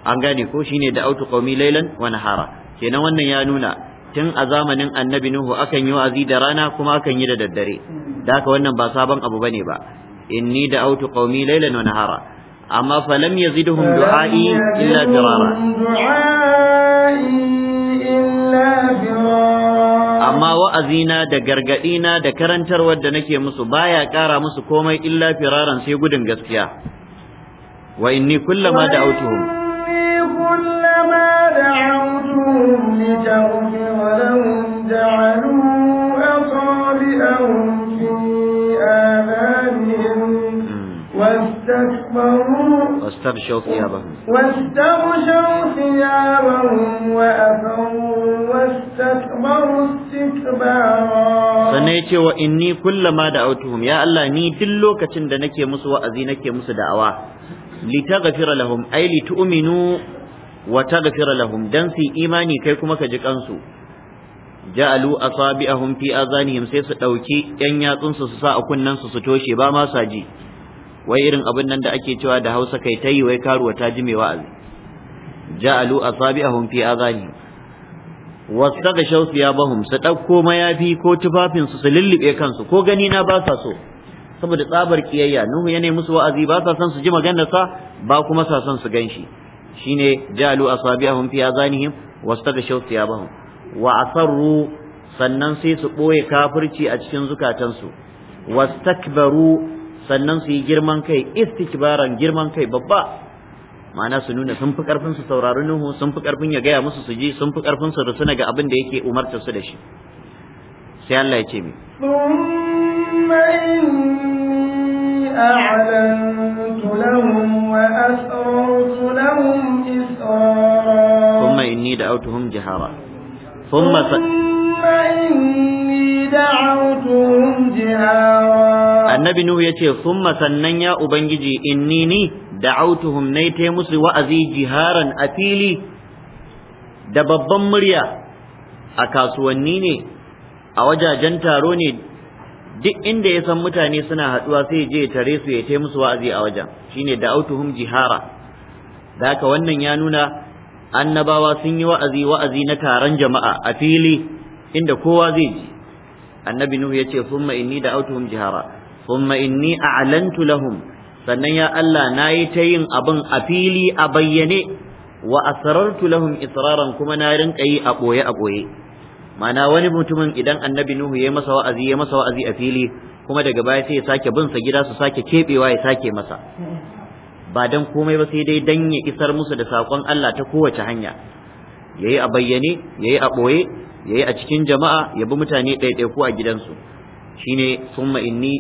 an gane ko shine da'awtu qaumi laylan wa nahara kenan wannan ya nuna tun a zamanin annabi Nuhu akan yi wa'azi da rana kuma akan yi da daddare da haka wannan ba sabon abu bane ba inni da qaumi lailan wa nahara amma lam yazidhum du'ai illa dirara amma wa'azina da gargadina da karantarwar da nake musu baya kara musu komai illa firaran sai gudun gaskiya wa inni kullama da'awtuhum kullama da'awtuhum litaghfir lahum ja'alu asabi'ahum fi واستكبروا واستغشوا ثيابهم واستغشوا ثيابهم وأفروا واستكبروا استكبارا سنيتي وإني كل ما دعوتهم يا الله ني دلو كتن دنكي مسوى أزينكي مسوى دعوة لتغفر لهم أي لتؤمنوا وتغفر لهم دنسي إيماني كيكما كجكانسو ja'alu asabi'ahum fi azanihim sai su dauki yan yatsun su su sa a kunnan su su toshe ba ma sa ji wai irin abin nan da ake cewa da Hausa kai yi wai karuwa ta ji mai wa'azi ja'alu asabi'ahum fi azani wastaghshaw bahum su dauko mayafi ko tufafin su su lullube kansu ko gani na ba sa so saboda tsabar kiyayya nuhu ya musu wa'azi ba sa son su ji maganar sa ba kuma sa son su ganshi shine ja'alu asabi'ahum fi azanihim ya bahum wa asarru sannan sai su boye kafirci a cikin zukatansu wastakbaru sannan su yi girman kai istikbaran girman kai babba ma'ana su nuna sun fi karfin su saurari nuhu sun fi karfin ya gaya musu su ji sun fi karfin su rusuna ga abin da yake umarta su da shi sai Allah ya ce mi ثم إني دعوتهم جهارا ثم annabi nuhu ce summa sannan ya ubangiji inni ni da'autuhum na ta musu wa'azi jiharan a fili da babban murya a kasuwanni ne a wajajen taro ne duk inda ya san mutane suna haɗuwa sai je tare su ya ta musu wa'azi a wajen shi ne da da'autuhum jihara da haka wannan ya nuna annabawa sun yi wa'azi wa'azi na taron jama'a a fili inda kowa zai ji annabi nuhu yace thumma inni da'awtuhum jihara thumma inni a'lantu lahum sannan ya Allah nayi ta yin abin a fili a bayyane wa asrartu lahum israran kuma na rinka yi a boye a boye mana wani mutumin idan annabi nuhu yayi masa wa'azi ya masa wa'azi a fili kuma daga baya sai ya sake bin sa gida su sake kebewa ya sake masa ba dan komai ba sai dai dan ya isar musu da sakon Allah ta kowace hanya yayi a bayyane yayi a boye yayi a cikin jama'a ya bi mutane ko a gidansu shi sun summa inni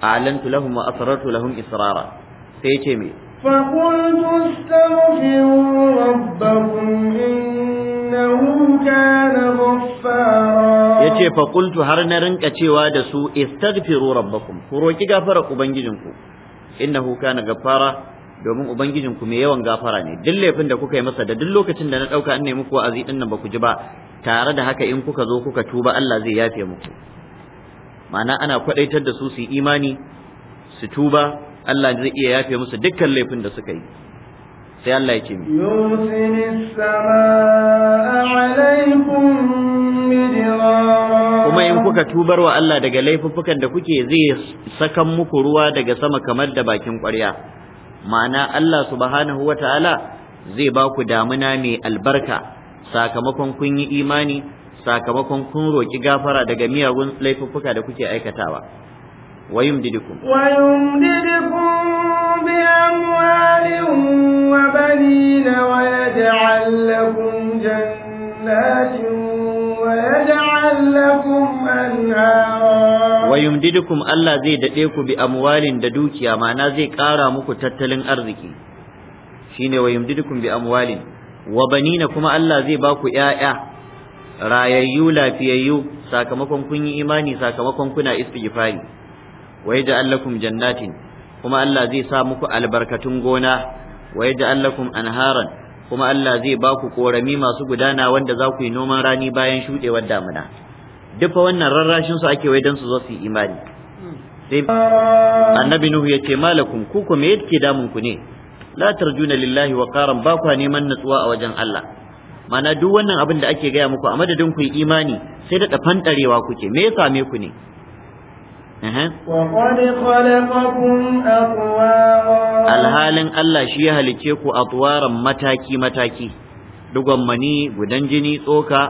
a'lantu lahun wa asrartu lahun israra sai ce me فقلت استغفروا ربكم إنه كان غفارا yace fa qultu har na rinka cewa da su istaghfiru rabbakum ku roki gafara ubangijinku innahu kana gafara domin ubangijinku mai yawan gafara ne duk laifin da kuka yi masa da duk lokacin da na dauka in ne muku wa'azi din nan ba ku ji ba tare da haka in kuka zo kuka tuba Allah zai yafe muku ma'ana ana kwadaitar da su su imani su tuba Allah zai iya yafe musu dukkan laifin da suka yi sai Allah ya ce mi kuma in kuka tubar wa Allah daga laifuffukan da kuke zai sakan muku ruwa daga sama kamar da bakin ƙwarya ma'ana Allah subhanahu wa ta'ala zai ba ku damuna mai albarka sakamakon kun yi imani sakamakon kun roki gafara daga miyagun laifuffuka da kuke aikatawa wa yumdidukum wa yumdidukum bi amwalin wa banin wa yaj'al lakum jannatin wa yaj'al lakum anhara wa yumdidukum Allah zai dade ku bi amwalin da dukiya ma'ana zai kara muku tattalin arziki shine wa yumdidukum bi amwalin wa banina kuma Allah zai ba ku ƴaƴa rayayyu lafiyayyu sakamakon kun yi imani sakamakon kuna istighfari wa yaj'al lakum jannatin kuma Allah zai sa muku albarkatun gona wa yaj'al lakum anharan kuma Allah zai ba ku korami masu gudana wanda za ku yi noman rani bayan shudewar damuna fa wannan rarrashin su ake wai dan su zo su yi imani sai hmm. annabi nuhu ya malakum ku kuma yake damun ku ne la tarjuna lillahi wa qaran ba kwa neman natsuwa a wajen Allah mana duk wannan abin da ake gaya muku a madadin ku imani sai da dafan darewa kuke me ya same ku ne alhalin Allah shi ya halice ku a tsuwaran mataki-mataki dugon mani gudan jini tsoka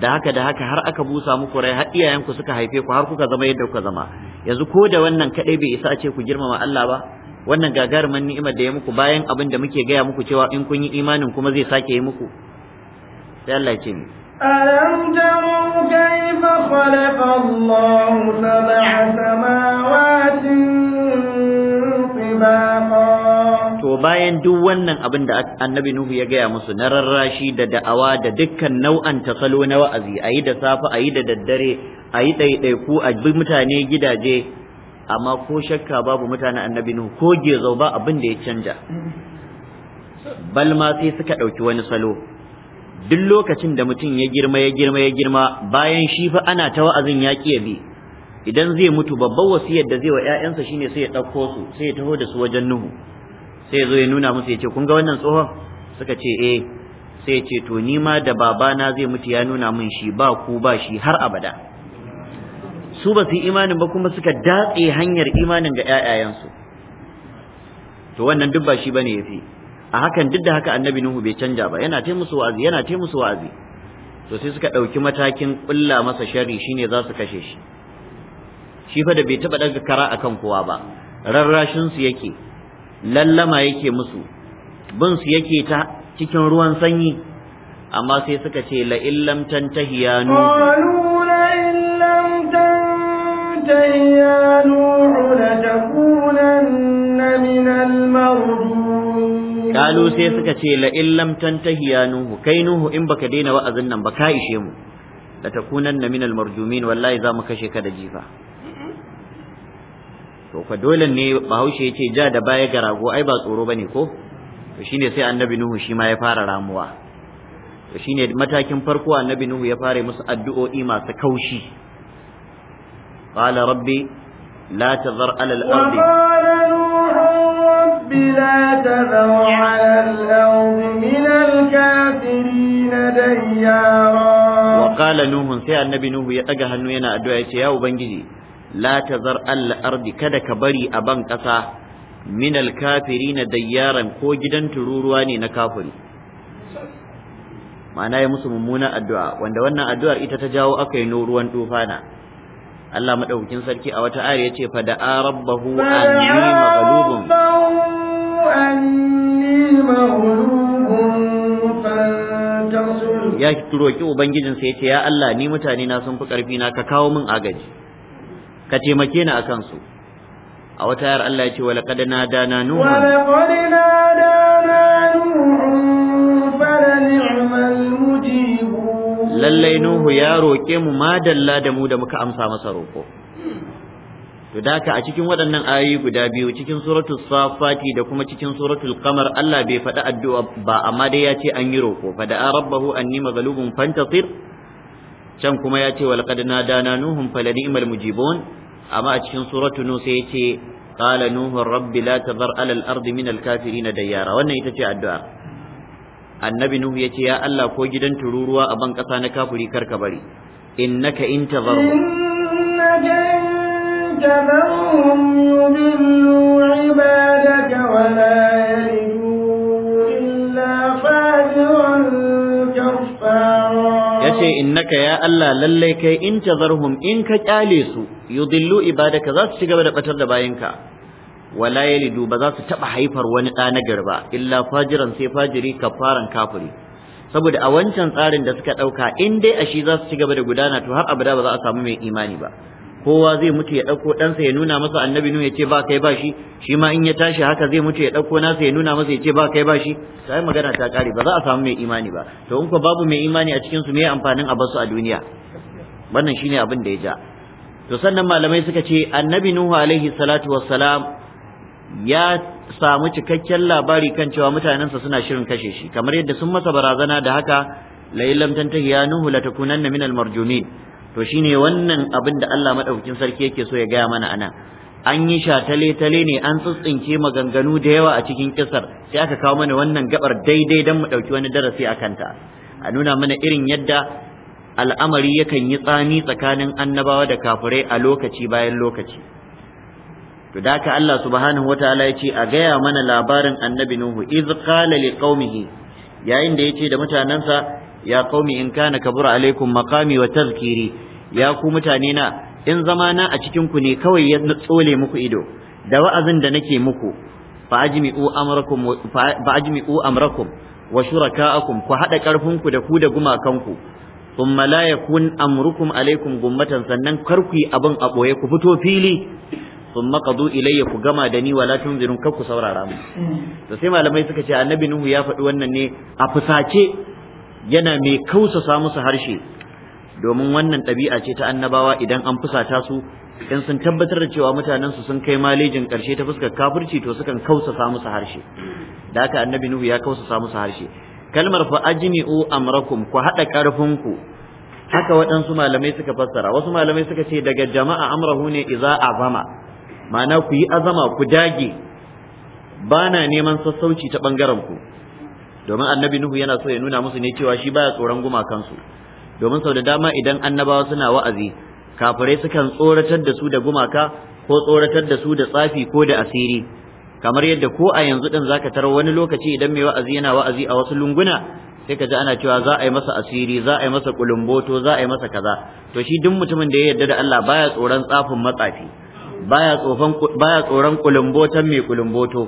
da haka da haka har aka busa muku rai har iyayenku suka haife ku har kuka zama yadda kuka zama yanzu ko da wannan kadai bai isa ce ku girmama Allah ba wannan gagarumin ni'imar da ya muku bayan abin da muke gaya muku cewa in kun yi imanin kuma zai sake yi muku sai Allah ya ce ni ألم تروا كيف khalaqa Allah sab'a samawati tibaqa to bayan duk wannan abin da annabi Nuhu ya gaya musu na rarrashi da da'awa da dukkan nau'an tasalo na wa'azi ayi da safe ayi da daddare a yi ɗaiɗaiku a bi mutane gidaje amma ko shakka babu mutanen annabi nuhu ko gezau ba abin da ya canja Balma sai suka ɗauki wani salo duk lokacin da mutum ya girma ya girma ya girma bayan shi fa ana ta wa'azin ya ya bi idan zai mutu babban wasiyar da zai wa ƴaƴansa shine sai ya ɗauko su sai ya taho da su wajen nuhu sai ya zo ya nuna musu ya ce kun ga wannan tsohon suka ce eh sai ya ce to ni ma da babana zai mutu ya nuna min shi ba ku ba shi har abada su ba su yi imanin ba kuma suka datse hanyar imanin ga ƴaƴayensu to wannan duk ba shi bane yafi a hakan duk da haka annabi nuhu bai canja ba yana ta musu wa'azi yana ta musu wa'azi to sai suka ɗauki matakin ƙulla masa shari shine za su kashe shi shi fa da bai taɓa ɗaga kara akan kowa ba rarrashin su yake lallama yake musu bin su yake ta cikin ruwan sanyi amma sai suka ce la illam tantahiya nuhu قلت يا نوح لتكونن من المردود sai suka ce la in lam tantahi nuhu kai nuhu in baka daina wa'azin nan ba ka ishe mu la takunanna marjumin wallahi za mu kashe ka da jifa to fa dole ne bahaushe yace ja da baya ga rago ai ba tsoro bane ko to shine sai annabi nuhu shi ya fara ramuwa to shine matakin farko annabi nuhu ya fara musu addu'o'i masu kaushi قال ربي لا تذر على الأرض وقال نوح رب لا تذر على الأرض من الكافرين ديارا وقال نوح سيا النبي نوح يتقى هنو ينا أدعي سيا وبنجي لا تذر على الأرض كذا كبري أبان قصا من الكافرين ديارا كوجدا ترورواني نكافري ma'ana ya musu mummuna addu'a wanda wannan addu'ar ita ta jawo aka yi ruwan tufana Allah madaukakin sarki a wata ayar yace fa da'a rabbahu anni maghlubun ya roki ubangijinsa yace ya Allah ni mutane na sun fi karfi na ka kawo min agaji ka taimake ni akan su a wata ayar Allah yace wa laqad nadana nuha wa laqad lallai nuhu ya roƙe mu madalla da mu da muka amsa masa roƙo to daka a cikin waɗannan ayoyi guda biyu cikin suratul safati da kuma cikin suratul qamar Allah bai faɗi addu'a ba amma dai ya ce an yi roƙo fa da rabbahu anni maghlubun fantasir can kuma ya ce walqad nadana nuhum falani'mal mujibun amma a cikin suratul nu sai ya ce qala nuhu rabbi la tadhar ala al-ardi min al-kafirin dayyara wannan ita ce addu'a annabi nuhu yace ya Allah ko gidan tururuwa a ban kasa na kafuri karka bari innaka in inna jannatum yudillu ibadaka wa la yace innaka ya Allah lallai kai intazarhum in ka kyale su yudillu ibadaka za su ci gaba da batar da bayinka wala yalidu ba za su taba haifar wani da na garba illa fajiran sai fajiri kafaran kafiri saboda a wancan tsarin da suka ɗauka in dai a shi za su ci gaba da gudana to har abada ba za a samu mai imani ba kowa zai mutu ya ɗauko ɗansa ya nuna masa annabi ya ce ba kai ba shi shi ma in ya tashi haka zai mutu ya dauko nasa ya nuna masa ya ce ba kai ba shi sai magana ta kare ba za a samu mai imani ba to in ko babu mai imani a cikin su me amfanin a basu a duniya wannan shine abin da ya ja to sannan malamai suka ce annabi nuhu alaihi salatu wassalam ya samu cikakken labari kan cewa mutanensa suna shirin kashe shi kamar yadda sun masa barazana da haka la illam tantahi ya nuhu la takunanna minal marjumin to shine wannan abin da Allah madaukakin sarki yake so ya gaya mana anan an yi shatale tale ne an tsintsinke maganganu da yawa a cikin kisar sai aka kawo mana wannan gabar daidai dan mu dauki wani darasi akan ta a nuna mana irin yadda al'amari yakan yi tsani tsakanin annabawa da kafirai a lokaci bayan lokaci to da haka Allah subhanahu wataala ya ce a gaya mana labarin annabi nuhu iz qala qaumihi yayin da yace da mutanansa ya qaumi in kana kabura alaikum maqami wa tazkiri ya ku mutane na in na a cikin ku ne kawai ya tsole muku ido da wa'azin da nake muku fa ajmi'u amrakum fa ajmi'u amrakum wa shuraka'akum ku hada karfinku da ku da gumakanku thumma la yakun amrukum alaikum gummatan sannan karku abin a boye ku fito fili sun makadu ilayya ku gama da ni wala tun ku saurara mu to sai malamai suka ce annabi nuhu ya faɗi wannan ne a fusace yana mai sa musu harshe domin wannan ɗabi'a ce ta annabawa idan an fusata su in sun tabbatar da cewa mutanensu sun kai malejin ƙarshe ta fuskar kafirci to sukan sa musu harshe da haka annabi nuhu ya sa musu harshe kalmar fa ajmi'u amrakum ku haɗa ku haka waɗansu malamai suka fassara wasu malamai suka ce daga jama'a amrahu ne iza azama ma'ana ku yi azama ku dage ba na neman sassauci ta ɓangaren ku domin annabi nuhu yana so ya nuna musu ne cewa shi baya tsoron gumakansu domin sau da dama idan annabawa suna wa'azi kafirai sukan tsoratar da su da gumaka ko tsoratar da su da tsafi ko da asiri kamar yadda ko a yanzu din zaka tarar wani lokaci idan mai wa'azi yana wa'azi a wasu lunguna sai ka ji ana cewa za a yi masa asiri za a yi masa kulumboto za a yi masa kaza to shi duk mutumin da ya yarda da Allah baya tsoron tsafin matsafi baya tsofan baya tsoron kulumbotan mai kulumboto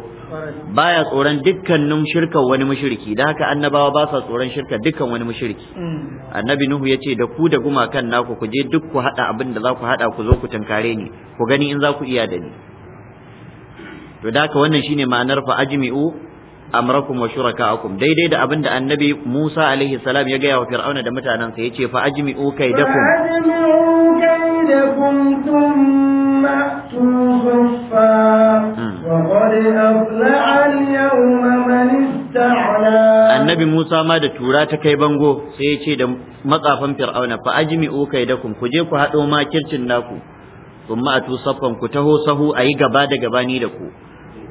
baya tsoron dukkanin shirkan wani mushriki da haka annabawa ba sa tsoron shirka dukkan wani mushriki mm. annabi nuhu ya ce da ku da gumakan naku ku je duk ku hada abin da za ku hada ku zo ku tunkare ni ku gani in za ku iya da ni to da haka wannan shine ma'anar fa ajmi'u amrakum wa shuraka'akum daidai da abin da annabi Musa alaihi salam ya gaya wa Fir'auna da mutanansa yace fa ajmi'u kaidakum ajmi'u kaidakum annabi Musa ma da tura ta kai bango sai ya ce da matsafan fir'auna fa ajmi'u da ku je ku haɗo makircin naku thumma atu saffan ku taho sahu ayi gaba da gaba ni da ku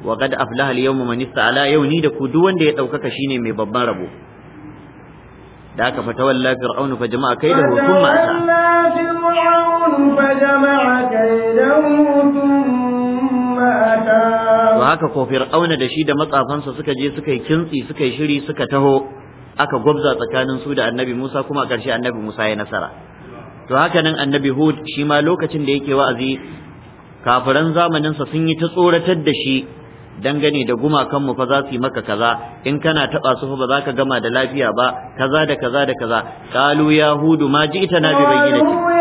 wa qad aflaha al-yawma man ista'ala yau ni da ku duk wanda ya daukaka shine mai babban rabo da aka fatawalla Fir'auna fa jama'a kaidahu thumma ata فرعون ko fir'auna da shi da matsafansa suka je suka yi kintsi suka yi shiri suka taho aka gwabza tsakanin su da annabi Musa kuma karshe ƙarshe annabi Musa ya nasara to haka nan annabi Hud shi ma lokacin da yake wa'azi kafiran zamaninsa sun yi ta tsoratar da shi dangane da gumakanmu fa za su yi maka kaza in kana taba su ba za ka gama da lafiya ba kaza da kaza da kaza qalu ya hudu ma ji'tana bi bayyinati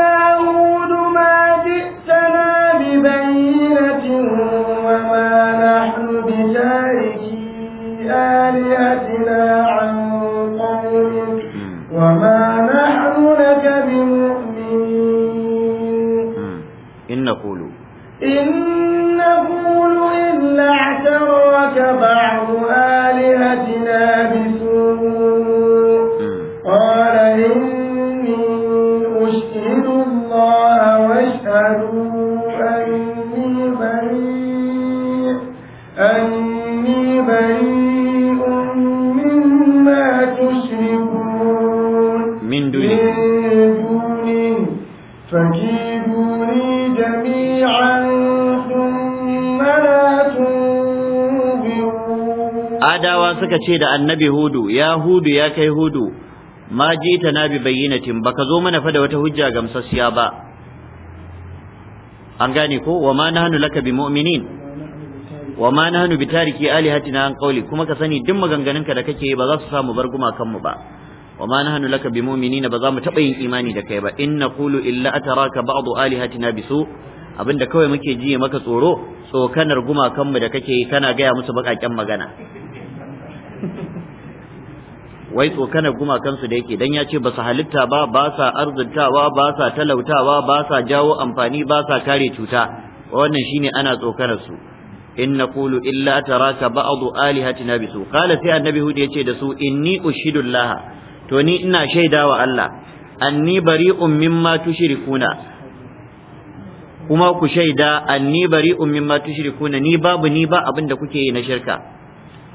الذي suka ce da annabi hudu ya hudu ya kai hudu ma ji ta na bi bayyinatin baka zo mana fa da wata hujja gamsassiya ba an gane ko wa ma nahnu laka bi mu'minin wa ma nahnu bi tariki alihatina an qawli kuma ka sani duk maganganunka da kake ba za su samu barguma kanmu ba wa ma nahnu laka bi mu'minin ba za mu taba yin imani da kai ba in naqulu illa ataraka ba'd alihatina bisu abinda kawai muke jiye maka tsoro tsokanar gumakanmu da kake kana gaya musu bakaken magana wai tsokanar gumakansu da yake dan ya ce ba su halitta ba ba sa arzuntawa ba sa talautawa ba sa jawo amfani ba sa kare cuta wannan shine ana tsokanar su in naqulu illa taraka ba'du alihatina su qala sai annabi hud yace da su inni ushidu to ni ina shaidawa allah anni bari'un mimma tushrikuna kuma ku shaida anni bari'un mimma tushrikuna ni babu ni ba abin da kuke yi na shirka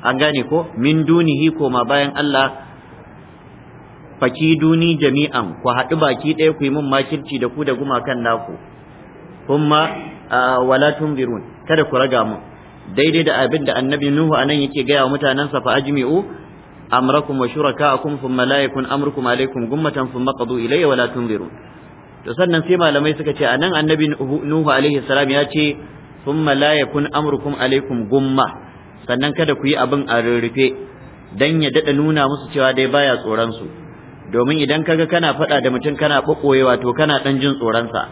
an gane ko min dunihi ma bayan Allah faki duni jami'an ku haɗu baki ɗaya ku yi mun makirci da ku da gumakan naku kuma wala tunzirun kada ku raga mu daidai da abin da annabi nuhu anan yake gaya wa mutanensa fa ajmi'u amrakum wa shuraka'akum thumma la yakun amrukum alaykum gummatan thumma qadu ilayya wala tunzirun to sannan sai malamai suka ce anan annabi nuhu alaihi salam ya ce thumma la yakun amrukum alaykum gumma sannan kada ku yi abin a rurrufe dan ya dada nuna musu cewa dai baya tsoron su domin idan kaga kana faɗa da mutum kana ɓaɓɓoyewa wato kana ɗan jin tsoronsa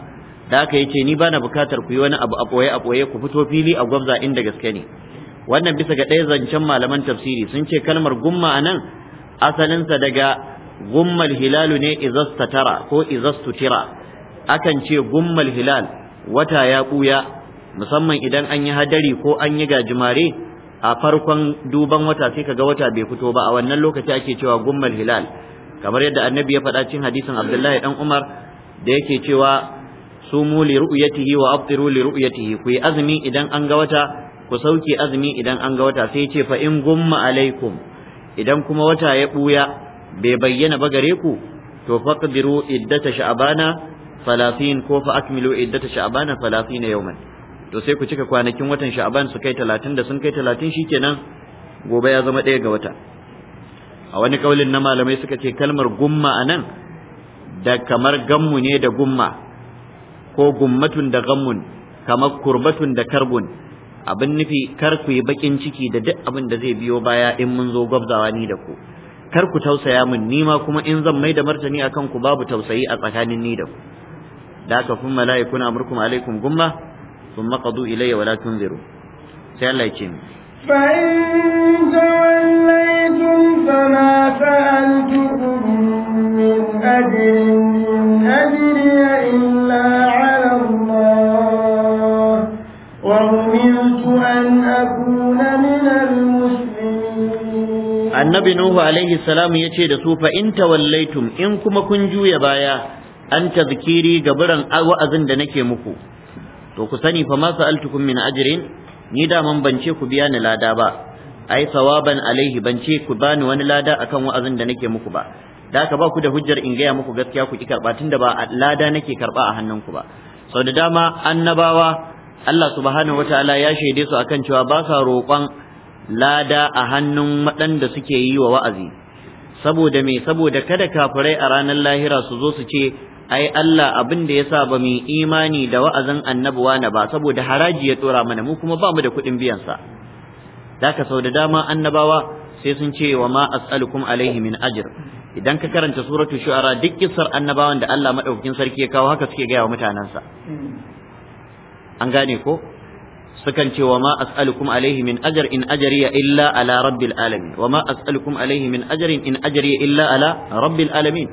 da haka yace ni bana bukatar ku yi wani abu a ɓoye a ɓoye ku fito fili a gwabza inda gaske ne wannan bisa ga ɗaya zancen malaman tafsiri sun ce kalmar gumma a nan asalinsa daga gummal hilalu ne izastatara ko izastutira akan ce gummal hilal wata ya ɓuya musamman idan an yi hadari ko an yi gajimare a farkon duban wata sai kaga wata bai fito ba a wannan lokaci ake cewa gummal hilal kamar yadda annabi ya faɗa cikin hadisin abdullahi dan umar da yake cewa sumu li ru'yatihi wa abtiru li ru'yatihi ku yi azumi idan an ga wata ku sauke azumi idan an ga wata sai ce fa in gumma alaikum idan kuma wata ya buya bai bayyana ba gare ku to faqdiru iddata sha'bana 30 ko fa akmilu iddata sha'bana 30 yawman to sai ku cika kwanakin watan shaban su kai talatin da sun kai talatin shikenan gobe ya zama ɗaya ga wata a wani kaulin na malamai suka ce kalmar gumma a nan da kamar gammu ne da gumma ko gummatun da gammun kamar kurbatun da karbun abin nufi kar ku yi bakin ciki da duk abin da zai biyo baya in mun zo gwabzawa ni da ku kar ku tausaya min ni ma kuma in zan mai da martani akan ku babu tausayi a tsakanin ni da ku da aka kun mala'ikuna amurkum alaikum gumma Tumma ƙadu ilai ya wala tun zairo. Sayan laifin ce. Fahimtar wallaitun sama ta al'ummin Annabi Nuhu alayhi salamu ya ce da su fa'inta wallaitun in kuma kun juya baya an tazkiri ga biran wa'azin da nake muku. to ku sani fa ma sa'altukum min ajrin ni da man bance ku biya ni lada ba ai sawaban alaihi bance ku bani wani lada akan wa'azin da nake muku ba da haka ba ku da hujjar in gaya muku gaskiya ku ki karba tunda ba lada nake karba a hannunku ba sau da dama annabawa Allah subhanahu wataala ya shaide su akan cewa ba sa roƙon lada a hannun waɗanda suke yi wa wa'azi saboda me saboda kada kafirai a ranar lahira su zo su ce ai Allah abin da yasa ba mu imani da wa'azin annabuwa na ba saboda haraji ya dora mana mu kuma ba mu da kuɗin biyan sa zaka sau da dama annabawa sai sun ce wa ma as'alukum alaihi min ajr idan ka karanta suratu shu'ara duk kissar annabawan da Allah madaukakin sarki ya kawo haka suke gaya wa mutanansa an gane ko sukan ce wa ma as'alukum alaihi min ajr in ajriya illa ala rabbil alamin wa ma as'alukum alaihi min ajrin in ajriya illa ala rabbil alamin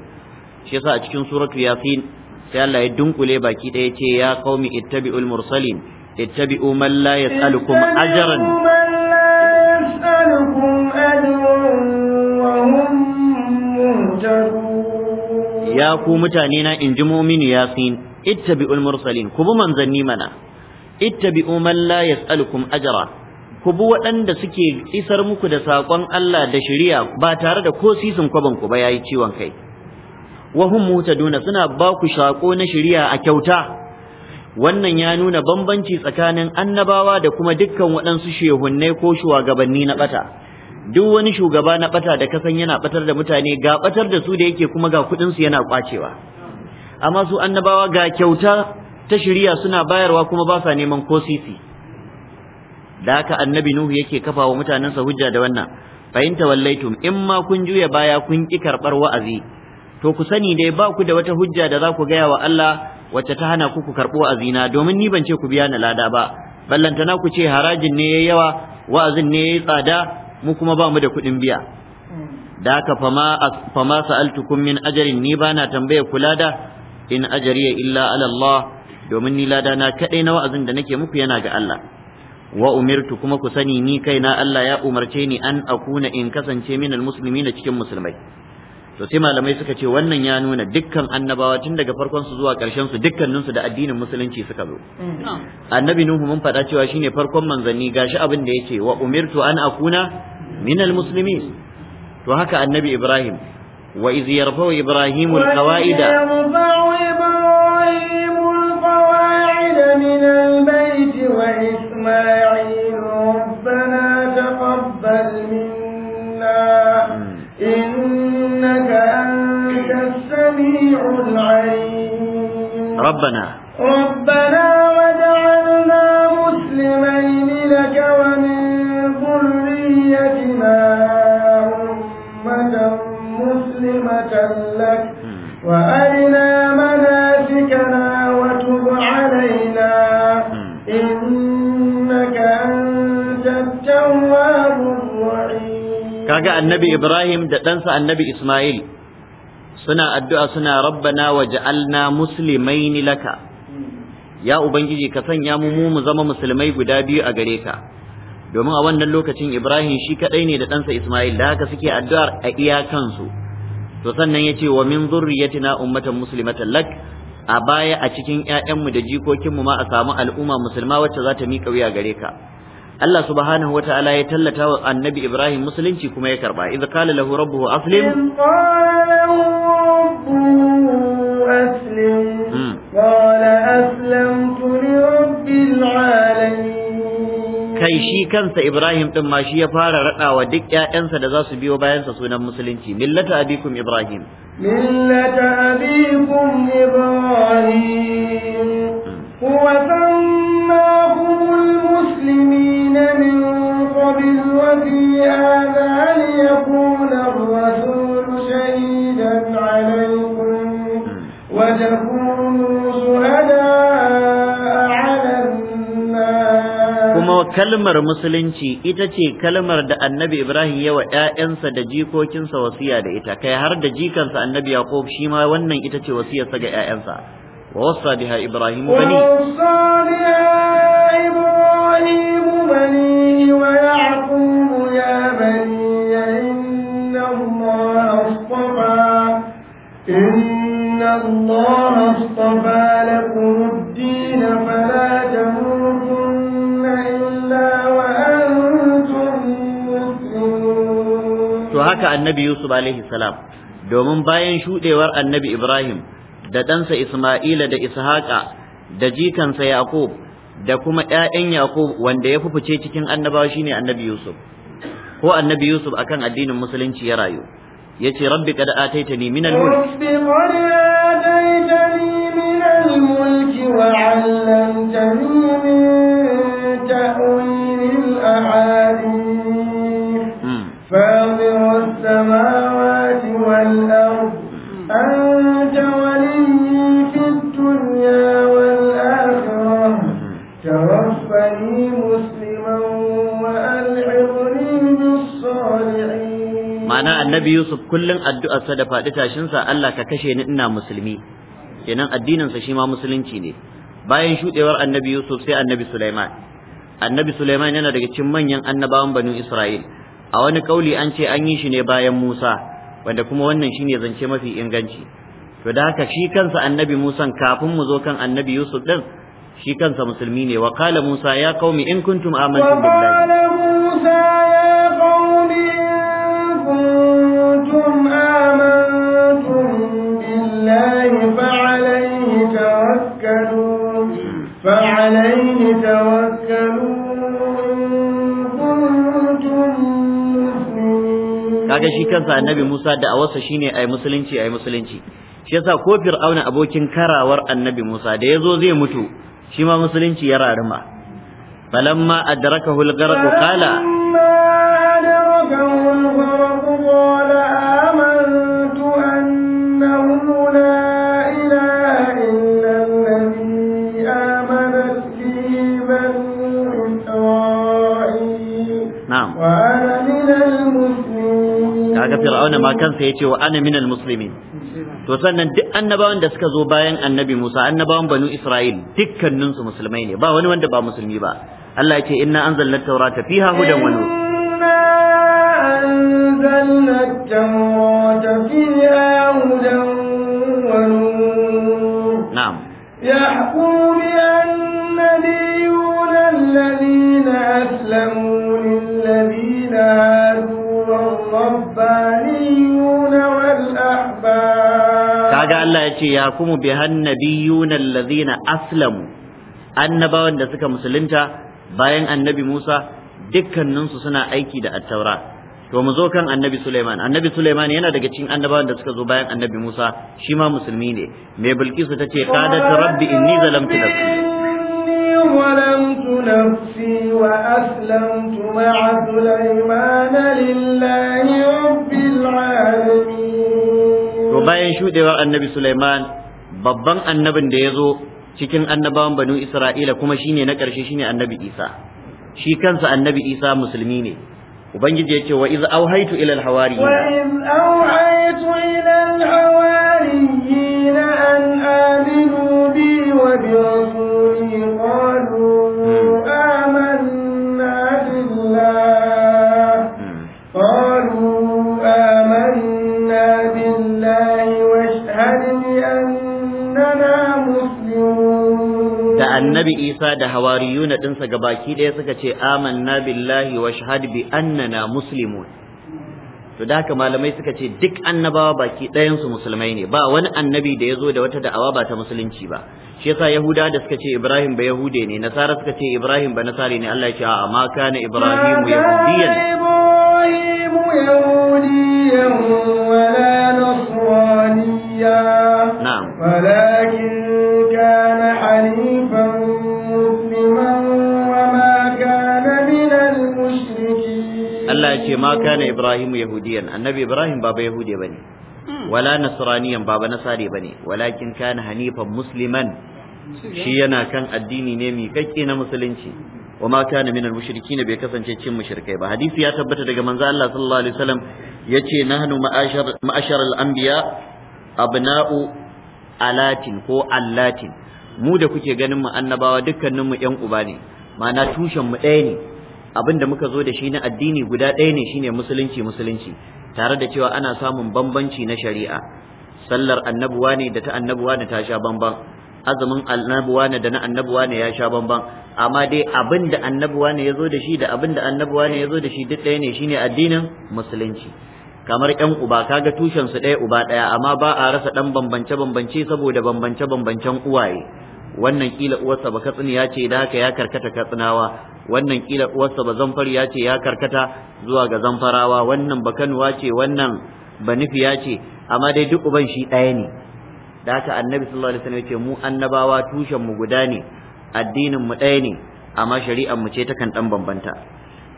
shi yasa a cikin suratu yasin sai Allah ya dunkule baki ɗaya ce ya qaumi ittabi'ul mursalin ittabi'u man la yas'alukum ajran ya ku mutane na inji mu'minu yasin ittabi'ul mursalin ku bi manzanni mana ittabi'u man la yas'alukum ajra ku bi waɗanda suke isar muku da saƙon Allah da shari'a ba tare da ko sisin kwabanku ba yayi ciwon kai wa hum mutaduna suna ba ku shako na shari'a a kyauta wannan ya nuna bambanci tsakanin annabawa da kuma dukkan waɗansu shehunnai ko shugabanni na bata duk wani shugaba na bata da kasan yana batar da mutane ga batar da su da yake kuma ga kuɗin su yana kwacewa amma su annabawa ga kyauta ta shari'a suna bayarwa kuma ba sa neman ko sisi da haka annabi nuhu yake kafa wa mutanensa hujja da wannan fahimta wallaitum in ma kun juya baya kun ki karɓar wa'azi to ku sani dai ba ku da wata hujja da za ku gaya wa Allah wacce ta hana ku ku karɓo zina domin ni ban ce ku biya na lada ba ballantana ku ce harajin ne yayi yawa wa'azin ne yi tsada mu kuma ba mu da kuɗin biya da haka fama fama sa'altukum min ajarin ni bana tambaye ku lada in ya illa ala domin ni lada na kaɗai na wa'azin da nake muku yana ga Allah wa umirtu kuma ku sani ni kaina Allah ya umarce ni an akuna in kasance Musulmi muslimina cikin musulmai to sai malamai suka ce wannan ya nuna dukkan annabawa tun daga farkon su zuwa karshen su dukkanin su da addinin musulunci suka zo mm. annabi nuhu mun faɗa cewa shine farkon manzanni gashi abin da yake wa umirtu an akuna minal muslimin to haka annabi ibrahim wa iz yarfa'u ibrahim alqawaida من البيت وإسماعيل ربنا تقبل منا أنت السميع العليم ربنا ربنا وجعلنا مسلمين لك ومن ذريتنا أمة مسلمة لك وأرنا kaga annabi Ibrahim da ɗansa annabi Ismail suna addu'a suna rabbana waj'alna muslimaini laka ya ubangiji ka sanya mu mu zama musulmai guda biyu a gare ka domin a wannan lokacin Ibrahim shi kadai ne da ɗansa Ismail da haka suke addu'ar a iyakansu to sannan ya ce wa min zurriyatina ummatan muslimatan lak a baya a cikin 'ya'yanmu da jikokinmu ma a samu al'umma musulma wacce za ta miƙa wuya gare ka Allah subhanahu wa ta'ala ya tallata wa annabi Ibrahim musulunci kuma ya karba idza qala lahu rabbuhu aslim hmm. qala aslamtu li rabbil alamin kai shi kansa Ibrahim din ma shi ya fara radawa duk ƴaƴansa da za su biyo bayansa sunan musulunci millata abikum Ibrahim millata abikum Ibrahim هو سماكم المسلمين من قبل وفي هذا kalmar musulunci ita ce kalmar da annabi Ibrahim ya wa ‘ya'yansa da jikokinsa wasiya da ita, kai har da jikansa annabi Yaƙob shi ma wannan ita ce wasiyarsa ga ‘ya'yansa, wa wasa biha Ibrahim bani. بني ويعقوب يا بني إن الله اصطفى إن الله اصطفى لكم الدين فلا تموتن إلا وأنتم مسلمون وهكا النبي يوسف عليه السلام domin bayan shudewar annabi Ibrahim da ɗansa Ismaila da Ishaqa da jikansa Yaqub da kuma ƴaƴan Yaqub wanda ya fufuce cikin annabawa shine annabi Yusuf ko annabi Yusuf akan addinin musulunci ya rayu yace rabbi rabbi ka da'a min al-mulk annabi yusuf kullun sa da faɗi sa Allah ka kashe ni ina musulmi kenan addinin sa shi ma musulunci ne bayan shuɗewar annabi yusuf sai annabi sulaiman annabi sulaiman yana daga cikin manyan annabawan banu isra'il a wani kauli an ce an yi shi ne bayan musa wanda kuma wannan shine zance mafi inganci to da haka shi kansa annabi Musa kafin mu zo kan annabi yusuf din shi kansa musulmi ne wa kala Musa ya qaumi in kuntum amantum billahi عليه توكلوا kaga shi kansa annabi Musa da awarsa shine ai musulunci ai musulunci shi yasa ko fir'auna abokin karawar annabi Musa da yazo zai mutu shi ma musulunci ya raruma falamma adrakahu a daraka adrakahu gharq qala fir'auna ma kansa ya ce ana minal muslimin to sannan duk annabawan da suka zo bayan annabi Musa annabawan banu Isra'il dukkanin su musulmai ne ba wani wanda ba musulmi ba Allah yace inna anzalna tawrata fiha hudan wa أنزلنا التوراة فيها هدى ونور نعم يحكم بها النبيون الذين أسلموا للذين هاجروا kaga allah ya ce ya kuma bi النبيون allazina aslamu annabawan da suka musulunta bayan annabi Musa dukkaninsu suna aiki da attaura to mu zo kan annabi Sulaiman annabi Sulaiman yana daga cikin annabawan da suka zo bayan annabi Musa shi ma musulmi ne mai Bilkisu tace qadat rabbi inni zalamtu nafsi ظلمت نفسي وأسلمت مع سليمان لله رب العالمين وبين شودewar annabi Sulaiman babban annabin da ya zo cikin annabawan banu Isra'ila kuma shine na ƙarshe shine annabi Isa shi kansa annabi Isa musulmi ne ubangiji ce, wa iz auhaytu ila al-hawariyin wa iz auhaytu ila al-hawariyin an aminu bi wa bi annabi isa da hawariyuna ɗinsa baki ɗaya suka ce amanna billahi wa shahad bi annana muslimun to da haka malamai suka ce duk annabawa baki ɗayansu musulmai ne ba wani annabi da ya zo da wata da'awa ba ta musulunci ba shi yasa yahuda da suka ce ibrahim ba yahude ne nasara suka ce ibrahim ba nasari ne allah ya ce a'a ma kana ibrahim yahudiyan yahudiyan wala nasraniya na'am walakin ce ma kana Ibrahimu yahudiyan annabi ibrahim baba yahude bane hmm. wala nasraniyan baba nasare bane walakin kana hanifan musliman shi yana kan addini ne mai kakke na musulunci wa ma kana minal mushrikin bai kasance cin mushrikai ba hadisi ya tabbata daga manzo Allah sallallahu alaihi wasallam yace nahnu ma'ashar ma'ashar al-anbiya abna'u alatin ko allatin mu da kuke ganin mu annabawa dukkaninmu yan uba ne ma'ana tushen mu ɗaya ne abin da muka zo da shi na addini guda ɗaya ne shine musulunci musulunci tare da cewa ana samun bambanci na shari'a sallar annabuwa ne da ta annabuwa ne ta sha bamban azumin annabuwa ne da na annabuwa ne ya sha bamban amma dai abin da annabuwa ne ya zo da shi da abin da annabuwa ne ya zo da shi duk ɗaya ne shine addinin musulunci kamar 'yan uba kaga tushen su ɗaya uba ɗaya amma ba a rasa ɗan bambance bambance saboda bambance bambancen uwaye wannan kila uwarsa ba katsini ya ce da haka ya karkata katsinawa wannan kila uwarsa ba zamfari ya ce ya karkata zuwa ga zamfarawa wannan ba kanuwa ce wannan ba nufi ya ce amma dai duk uban shi ɗaya ne da haka annabi sallallahu alaihi wasallam ya ce mu annabawa tushen mu guda ne addinin mu ɗaya ne amma shari'ar mu ce ta kan dan bambanta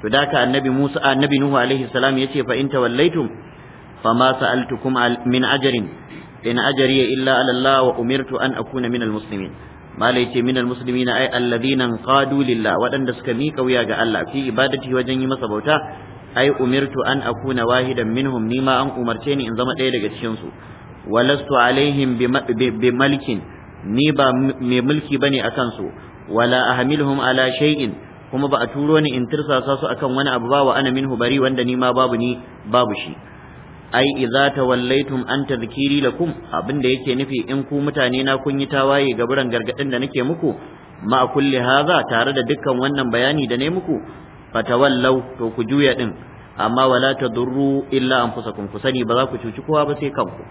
to da haka annabi Musa annabi Nuhu alaihi salam ya ce fa in tawallaitum fama sa'altukum min ajrin in ajriya illa ala Allah wa umirtu an akuna minal muslimin malai ce minal na ai alladhina qadu lillah waɗanda suka mika wuya ga Allah fi ibadati wajen yi masa bauta ai umirtu an akuna wahidan minhum nima an umarce ni in zama ɗaya daga cikin su walastu alaihim bi malkin ni ba mai mulki bane akan su wala ahmiluhum ala shay'in kuma ba a turo ni in tirsasa su akan wani abu ba wa ana minhu bari wanda ni ma babu ni babu shi ai idza tawallaitum an tadhkiri lakum abinda yake nufi in ku mutane na kun yi tawaye ga buran gargadin da nake muku ma kulli hadha tare da dukkan wannan bayani da ne muku fatawallau to ku juya din amma wala tadurru illa anfusakum ku sani ba za ku cuci kowa ba sai kanku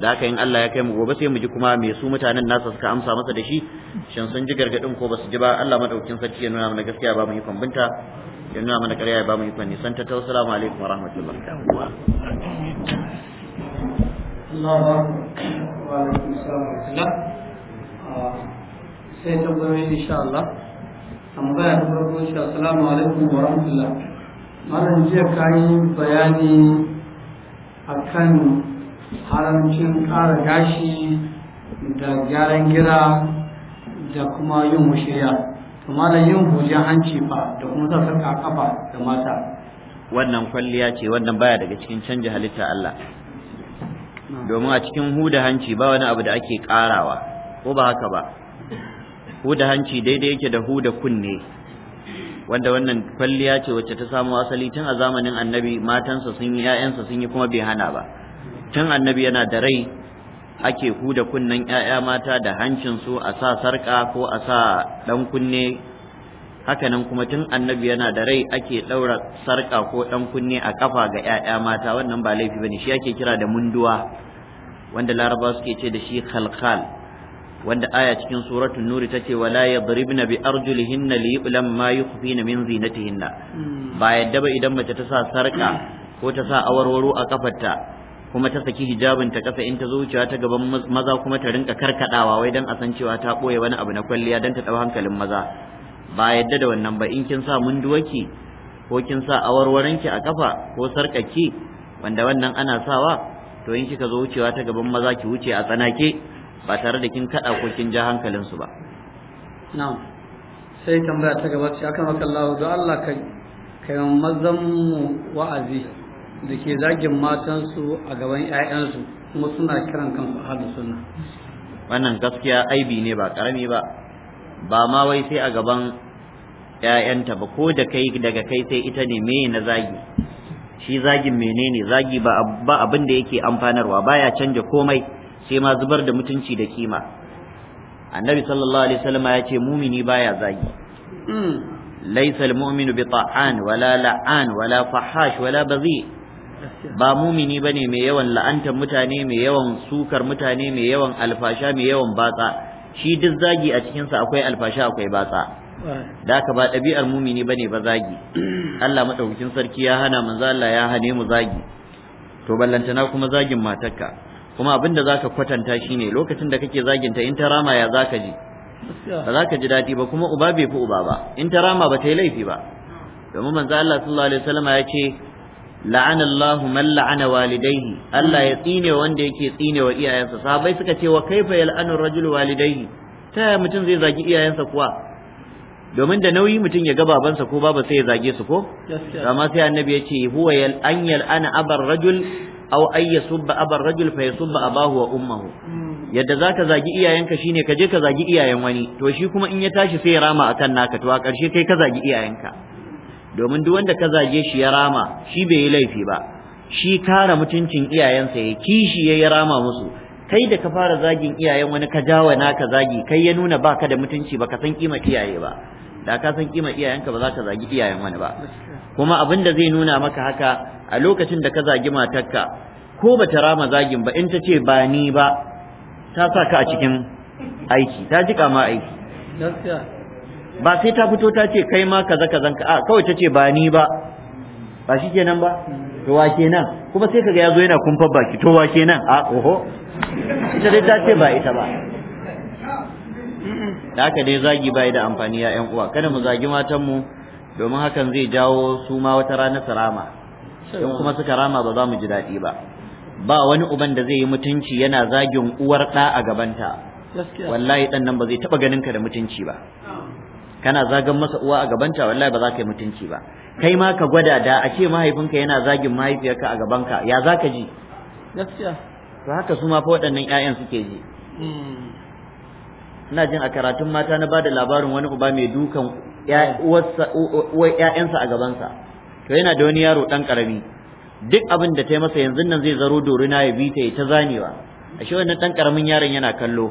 da haka in Allah ya kai mu gobe sai mu ji kuma me su mutanen nasa suka amsa masa da shi shin sun ji gargadin ko ba su ji ba Allah madaukin sarki ya nuna mana gaskiya ba mu yi kambunta ya nuna mana karya ya ba mu ikon nisan ta tawo salamu alaikum wa rahmatullah sai tambayoyi insha Allah tambaya ta farko insha assalamu alaikum wa rahmatullah malam jiya kayi bayani akan haramcin ƙara gashi da gyaran gida da kuma yin mushirya to malam yin hujan hanci fa da kuma sa sarka kafa da mata wannan kwalliya ce wannan baya daga cikin canja halitta Allah domin a cikin huda hanci ba wani abu da ake karawa ko ba haka ba huda hanci daidai yake da huda kunne wanda wannan kwalliya ce wacce ta samu asali tun a zamanin annabi matansa sun yi 'ya'yansa sun yi kuma bai hana ba tun annabi yana da rai ake huda kunnen 'ya'ya mata da hancin su a sa sarƙa ko a sa ɗan kunne hakanan kuma tun annabi yana da rai ake ɗaura sarƙa ko ɗan kunne a ƙafa ga 'ya'ya mata wannan ba laifi bane shi ake kira da munduwa wanda laraba suke ce da shi khalkhal wanda aya cikin suratul nuri tace wala yadribna bi arjulihinna yulam ma yukhfina min zinatihinna hmm. ba yadda ba idan mace ta sa sarƙa ko ta sa awarwaro a kafarta kuma ta saki hijabin ta kasa in ta zo wucewa ta gaban maza kuma ta rinka karkadawa wai dan a san cewa ta boye wani abu na kwalliya dan ta dau hankalin maza ba yadda da wannan ba in kin sa munduwaki ko kin sa awarwaranki a kafa ko sarkaki wanda wannan ana sawa to in kika zo wucewa ta gaban maza ki wuce a tsanake ba tare da kin kada ko kin ja hankalin su ba na'am sai tambaya ta gaba ce akan Allah don Allah kai kai mazan mu wa'azi da ke zagin matansu a gaban 'ya'yansu kuma suna kiran kansu ahlus suna wannan gaskiya aibi ne ba karami ba ba ma wai sai a gaban 'ya'yanta ba ko da kai daga kai sai ita ne me na zagi shi zagin menene zagi ba abinda abin da yake amfanarwa baya canja komai sai ma zubar da mutunci da kima annabi sallallahu alaihi wasallam ya ce mumini baya zagi mm. laisal almu'minu bi ta'an wala la'an wala fahash wala bazi' ba mumini bane mai yawan la'antar mutane mai yawan sukar mutane mai yawan alfasha mai yawan batsa shi duk zagi a cikinsa akwai alfasha akwai batsa da haka ba ɗabi'ar mumini bane ba zagi Allah madaukakin sarki ya hana manzo Allah ya hane mu zagi to ballantana kuma zagin matarka kuma abin da zaka kwatanta shine lokacin da kake zaginta in ta rama ya zaka ji ba zaka ji dadi ba kuma uba bai fi uba ba in ta rama ba ta yi laifi ba domin manzo Allah sallallahu alaihi wasallam ya ce la'ana Allahu man la'ana walidayhi Allah ya tsine wanda yake tsine wa iyayensa sahabbai suka ce wa kaifa yal'anu rajul walidayhi ta yaya mutum zai zagi iyayensa kuwa domin da nauyi mutum ya ga babansa ko baba sai ya zage su ko amma sai annabi ya ce huwa an yal'ana abar rajul aw ay yasubba abar rajul fa yasubba abahu wa ummuhu yadda zaka zagi iyayenka shine ka je ka zagi iyayen wani to shi kuma in ya tashi sai ya rama akan naka to a ƙarshe kai ka zagi iyayenka domin duk wanda ka zage shi ya rama shi bai yi laifi ba shi kare mutuncin iyayensa ya kishi ya rama musu kai da ka fara zagin iyayen wani ka jawa ka zagi kai ya nuna baka da mutunci baka san kima iyaye ba da ka san kima iyayenka ba za ka zagi iyayen wani ba kuma abin da zai nuna maka haka a lokacin da ka zagi matarka ko ba ta rama zagin ba in ta ce ba ni ba ta sa ka a cikin aiki ta jika ma aiki ba sai ta fito ta ce kai ma kaza kazan ka a kawai ta ce ba ni ba ba shi kenan ba to wa kenan kuma sai kaga yazo yana kumfar baki to wa kenan a oho ita dai ta ce ba ita ba da haka dai zagi bai da amfani ya ƴan uwa kada mu zagi matan mu domin hakan zai jawo su ma wata rana su rama in kuma suka rama ba za mu ji daɗi ba ba wani uban da zai yi mutunci yana zagin uwar ɗa a gabanta wallahi ɗan nan ba zai taɓa ganin ka da mutunci ba kana zagan masa uwa a gabanta wallahi ba za ka yi mutunci ba kai ma ka gwada da a ce mahaifinka yana zagin mahaifiyarka a gabanka ya za ka ji gaskiya to haka su ma fa waɗannan ƴaƴan suke ji hmm. ina jin a karatun mata na bada labarin wani uba mai dukan ƴaƴansa a gabansa to yana da wani yaro ɗan ƙarami duk abin da ta yi masa yanzu nan zai zaro dorina ya bi ta ya ta zanewa ashe wannan ɗan ƙaramin yaron yana kallo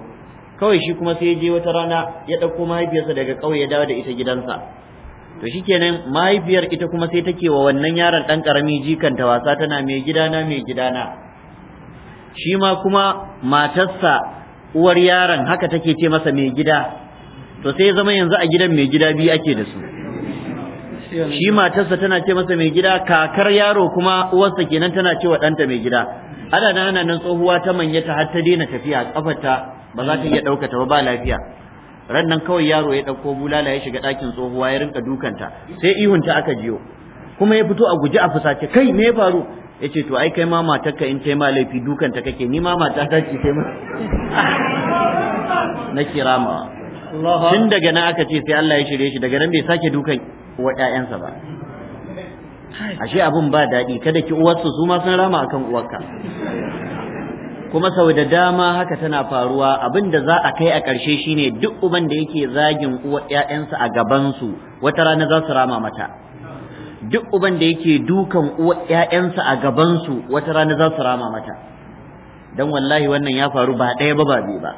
kawai shi kuma sai ya je wata rana ya ɗauko mahaifiyarsa daga kawai ya dawo da ita gidansa to shikenan mahaifiyar ita kuma sai take wa wannan yaron dan karami jikanta wasa tana mai gidana mai gidana shi ma kuma matarsa uwar yaron haka take ce masa mai gida to sai zama yanzu a gidan mai gida biyu ake da su shi matarsa tana ce masa mai gida kakar yaro kuma uwarsa kenan tana ce wa ɗanta mai gida ana nan ana nan tsohuwa ta manyata har ta daina tafiya kafarta ba za ta iya ɗaukata ba ba lafiya ran nan kawai yaro ya ɗauko bulala ya shiga ɗakin tsohuwa ya rinka dukanta sai ihunta aka jiyo kuma ya fito a guji a fusace kai me ya faru ya ce to ai kai ma matarka in ta ma laifi dukanta kake ni ma mata ta ce sai ma (laughs) na kirama tun daga nan aka ce sai Allah ya shirye shi daga nan bai sake dukan wa ƴaƴansa ba ashe abun ba daɗi kada ki uwarsu su ma sun rama akan uwarka kuma sau da dama haka tana faruwa abin da za a kai a ƙarshe shine duk uban da yake zagin uwa ƴaƴansa a gabansu wata rana za su rama mata duk uban da yake dukan uwa ƴaƴansa a gabansu wata rana za su rama mata dan wallahi wannan ya faru ba ɗaya ba ba biyu ba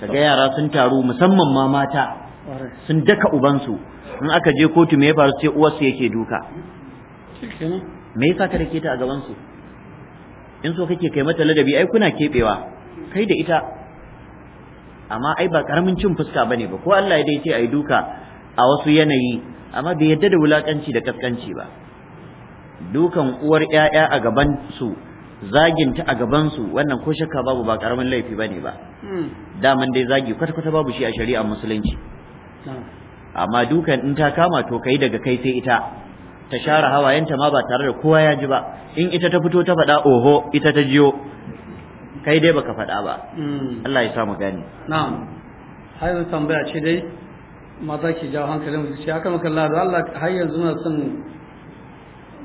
kaga yara sun taru musamman ma mata sun daka ubansu in aka je kotu me ya faru sai uwarsu yake duka me yasa ka rike ta a gabansu in so kake kai mata ladabi ai kuna kebewa kai da ita amma ai ba karamin cin fuska bane ba ko Allah ya dai ce ai duka a wasu yanayi amma bai yadda da wulakanci da kaskanci ba dukan uwar ƴaƴa a gaban su zaginta a gaban su wannan ko shakka babu ba karamin laifi bane ba hmm. daman dai zagi kwata kwata babu shi a shari'ar musulunci amma dukan in ta kama to kai daga kai sai ita ta share hawayenta ma ba tare da kowa ya ji ba in ita ta fito ta faɗa oho ita ta jiyo kai dai baka faɗa ba hmm. Allah ya sa mu gani. na'am har yanzu tambaya ce dai maza ki jawo hankalin mu ce haka maka Allah Allah har yanzu na son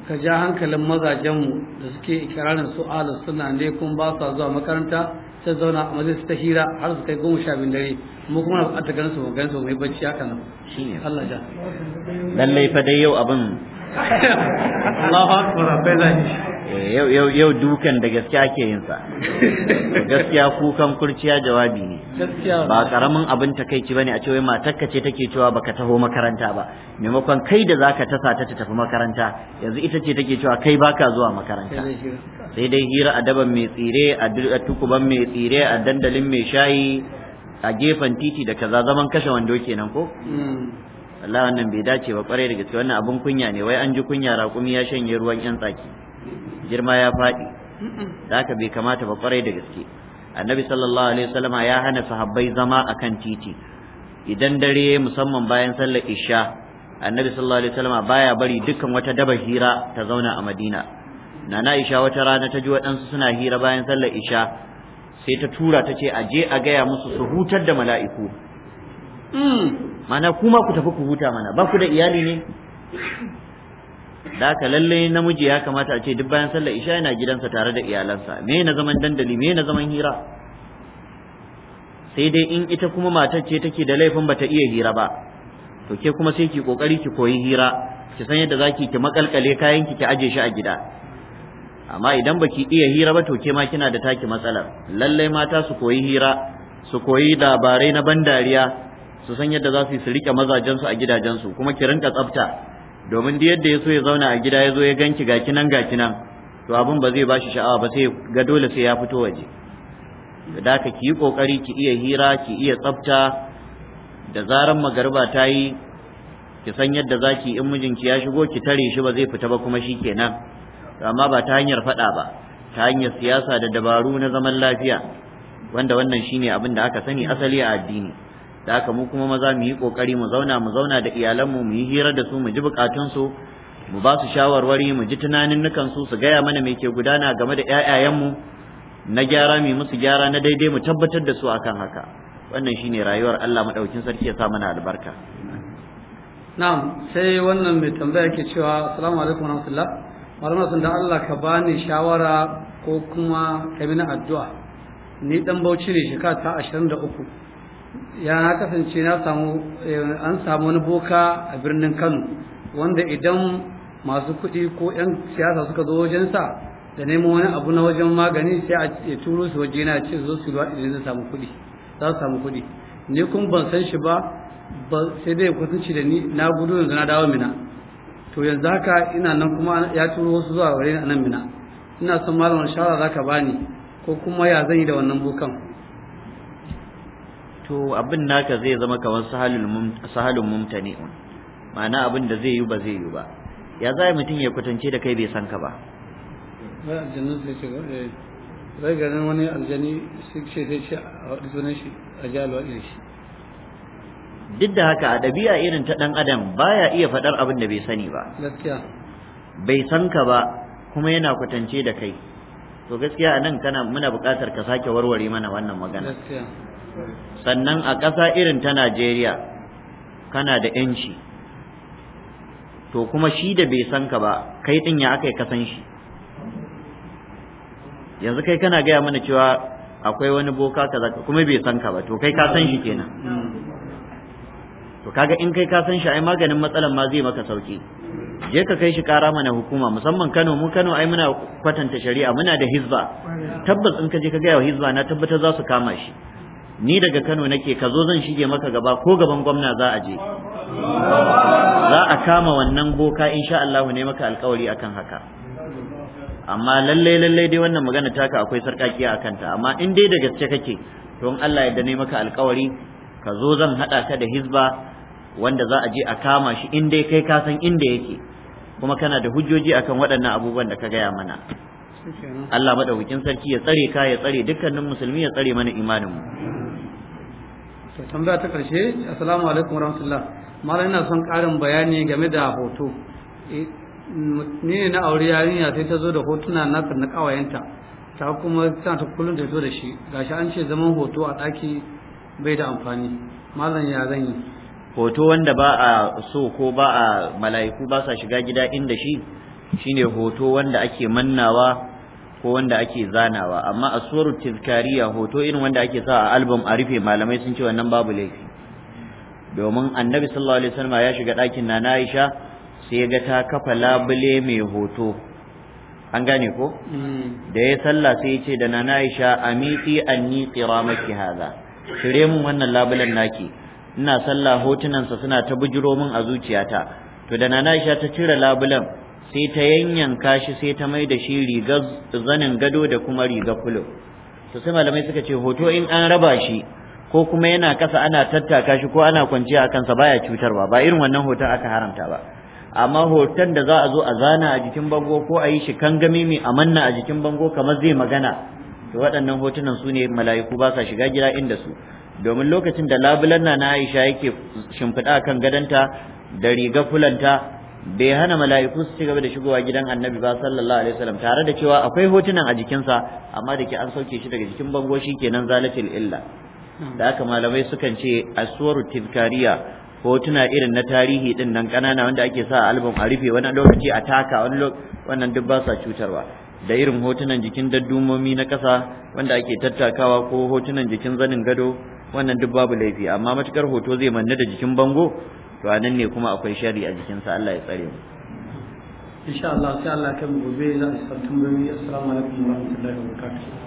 ka ja hankalin mazajen mu da suke ikirarin su ahlus sunna ne kun ba sa zuwa makaranta ta zauna a majalis ta hira har su kai goma sha biyun dare mu kuma a ta gansu mu gansu mai mu yi bacci haka nan ne Allah ja lallai fa dai yau abin Allah akbar eh, yau dukan da gaskiya ake yin sa gaskiya kukan kurciya jawabi ne ba karamin abin ta ba bane a cewa matarka ce take cewa baka taho makaranta ba maimakon kai da zaka tasa ta tafi makaranta yanzu ita ce take cewa kai baka zuwa makaranta sai dai hira a daban mai tsire a tukuban mai tsire a dandalin mai shayi a gefen titi da kaza zaman kashe wando kenan ko hmm. Allah wannan bai dace ba kwarai da gaske wannan abun kunya ne wai an ji kunya raƙumi ya shanye ruwan yan tsaki girma ya faɗi da haka bai kamata ba kwarai da gaske annabi sallallahu alaihi wasallama ya hana sahabbai zama akan titi idan dare musamman bayan sallar isha annabi sallallahu alaihi wasallama baya bari dukkan wata daba hira ta zauna a madina nana isha wata rana ta ji waɗansu suna hira bayan sallar isha sai ta tura ta ce a je a gaya musu su hutar da mala'iku mana kuma ku tafi ku huta mana ba ku da iyali ne da ka lalle namiji ya kamata a ce duk bayan sallar isha yana gidansa tare da iyalansa me na zaman dandali me na zaman hira sai dai in ita kuma matar ce take da laifin bata iya hira ba to ke kuma sai ki kokari ki koyi hira ki san yadda zaki ki makalkale kayan ki ki aje shi a gida amma idan baki iya hira ba to ke ma kina da taki matsalar lalle mata su koyi hira su koyi labarai na ban dariya su san yadda za su yi su rike mazajensu a gidajensu kuma ki rinka tsafta domin duk yadda ya so ya zauna a gida ya zo ya ganki gaki nan gaki nan to abin ba zai ba shi sha'awa ba sai ga dole sai ya fito waje da ka ki yi kokari ki iya hira ki iya tsafta da zaran magarba ta yi ki san yadda za ki in mijinki ya shigo ki tare shi ba zai fita ba kuma shi kenan amma ba ta hanyar faɗa ba ta hanyar siyasa da dabaru na zaman lafiya wanda wannan shine abin da aka sani asali a addini da haka mu kuma maza mu yi kokari mu zauna mu zauna da iyalanmu mu yi hira da su mu ji bukatunsu mu ba su shawarwari mu ji tunanin nukan su gaya mana me ke gudana game da ƴaƴayenmu na gyara mu musu gyara na daidai mu tabbatar da su akan haka wannan shine rayuwar Allah madaukin sarki ya sa mana albarka na'am sai wannan mai tambaya ke cewa assalamu alaikum rahmatullah malama sun da Allah ka bani shawara ko kuma ka bi na addu'a ni dan bauchi ne shekara ta 23 ya kasance na samu eh, an samu wani boka a birnin kano wanda idan masu kuɗi ko 'yan siyasa suka zo wajensa da neman wani abu na wajen magani sai a turo su waje na ce zo su luwaɗi idan samu kuɗi za su samu kuɗi ni kun ban san shi ba sai dai kwatanci da ni na gudu yanzu na dawo mina to yanzu haka ina nan kuma ya turo wasu zuwa wurin a nan mina ina son malamar shawara za ka bani ko kuma ya zan yi da wannan bukan to abin naka zai zama kamar sahalun mumtani'un ma'ana abin da zai yi ba zai yi ba ya zai mutum ya kwatance da kai bai san ka ba zai eh, ganin wani aljani a wadda sunan shi a shi duk da haka a ɗabi'a irin ta ɗan adam baya iya faɗar abin da bai sani ba gaskiya bai san ka ba kuma yana kwatance da kai to gaskiya a nan kana muna buƙatar ka sake warware mana wannan magana sannan a ƙasa irin ta Najeriya kana da ‘yanci to kuma shi da bai san ka ba kai ɗin ya aka yi kasan shi yanzu kai kana gaya mana cewa akwai wani boka kaza kuma bai san ka ba to kai ka san shi kenan to kaga in kai ka san shi ai maganin matsalan ma zai maka sauki je ka kai shi kara mana hukuma musamman Kano mu Kano ai muna kwatanta shari'a muna da hizba tabbas in ka je ka gaya wa hizba na tabbatar za su kama shi ni daga Kano nake ka zo zan shige maka gaba ko gaban gwamna za a je za a kama wannan boka insha Allah ne maka alkawari akan haka amma lalle lalle dai wannan magana taka akwai sarkakiya akan ta amma in dai da gaske kake to Allah ya dane maka alkawari ka zo zan hada ka da hizba wanda za a je a kama shi in dai kai ka san inda yake kuma kana da hujjoji akan waɗannan abubuwan da ka gaya mana Allah madaukakin sarki ya tsare ka ya tsare dukkanin musulmi ya tsare mana imanin mu to tambaya ta karshe assalamu alaikum wa rahmatullah malam ina son karin bayani game da hoto eh, ni na aure yarinya sai ta zo da hotuna na na kawayenta ta kuma tana ta kullum da zo da shi gashi an ce zaman hoto a ɗaki bai da amfani malam ya zan yi hoto wanda ba a so ko ba a mala'iku ba sa shiga gida inda shi shine hoto wanda ake mannawa ko wanda ake zanawa amma a suwar tizkariya hoto irin wanda ake sa a album a rufe malamai sun ce wannan babu laifi domin annabi sallallahu alaihi wasallam ya shiga ɗakin na Aisha sai ga ta kafa labule mai hoto an gane ko hmm. da ya sallah sai ya ce da na Aisha amiti anni qiramaki hadha shire mun wannan labulen naki ina sallah hotunansa suna ta bujiro min a zuciyata to da na Aisha ta cire labulen sai ta yanyanka shi sai ta mai da shi rigar zanin gado da kuma riga kulo to sai malamai suka ce hoto in an raba shi ko kuma yana kasa ana tattaka shi ko ana kwance a kansa baya cutarwa ba irin wannan hoton aka haramta ba amma hoton da za a zo a zana a jikin bango ko a yi shi kangami mai amanna a jikin bango kamar zai magana to waɗannan hotunan su ne mala'iku ba sa shiga gida inda su domin lokacin da labulan na na Aisha yake shimfiɗa kan gadonta da riga fulanta bai hana mala'iku su ci gaba da shigowa gidan annabi ba sallallahu alaihi wasallam tare da cewa akwai hotunan a jikinsa amma da ke an sauke shi daga jikin bango shi kenan zalatil illa da aka malamai sukan ce aswaru tilkariya hotuna irin na tarihi din nan kanana wanda ake sa album a rufe wani lokaci a taka wani wannan duk ba sa cutarwa da irin hotunan jikin daddumomi na kasa wanda ake tattakawa ko hotunan jikin zanin gado wannan duk babu laifi amma matukar hoto zai manne da jikin bango to anan ne kuma akwai shari a jikinsa Allah ya tsare mu insha Allah sai Allah kan gobe za a samu tambayoyi assalamu alaikum warahmatullahi wabarakatuh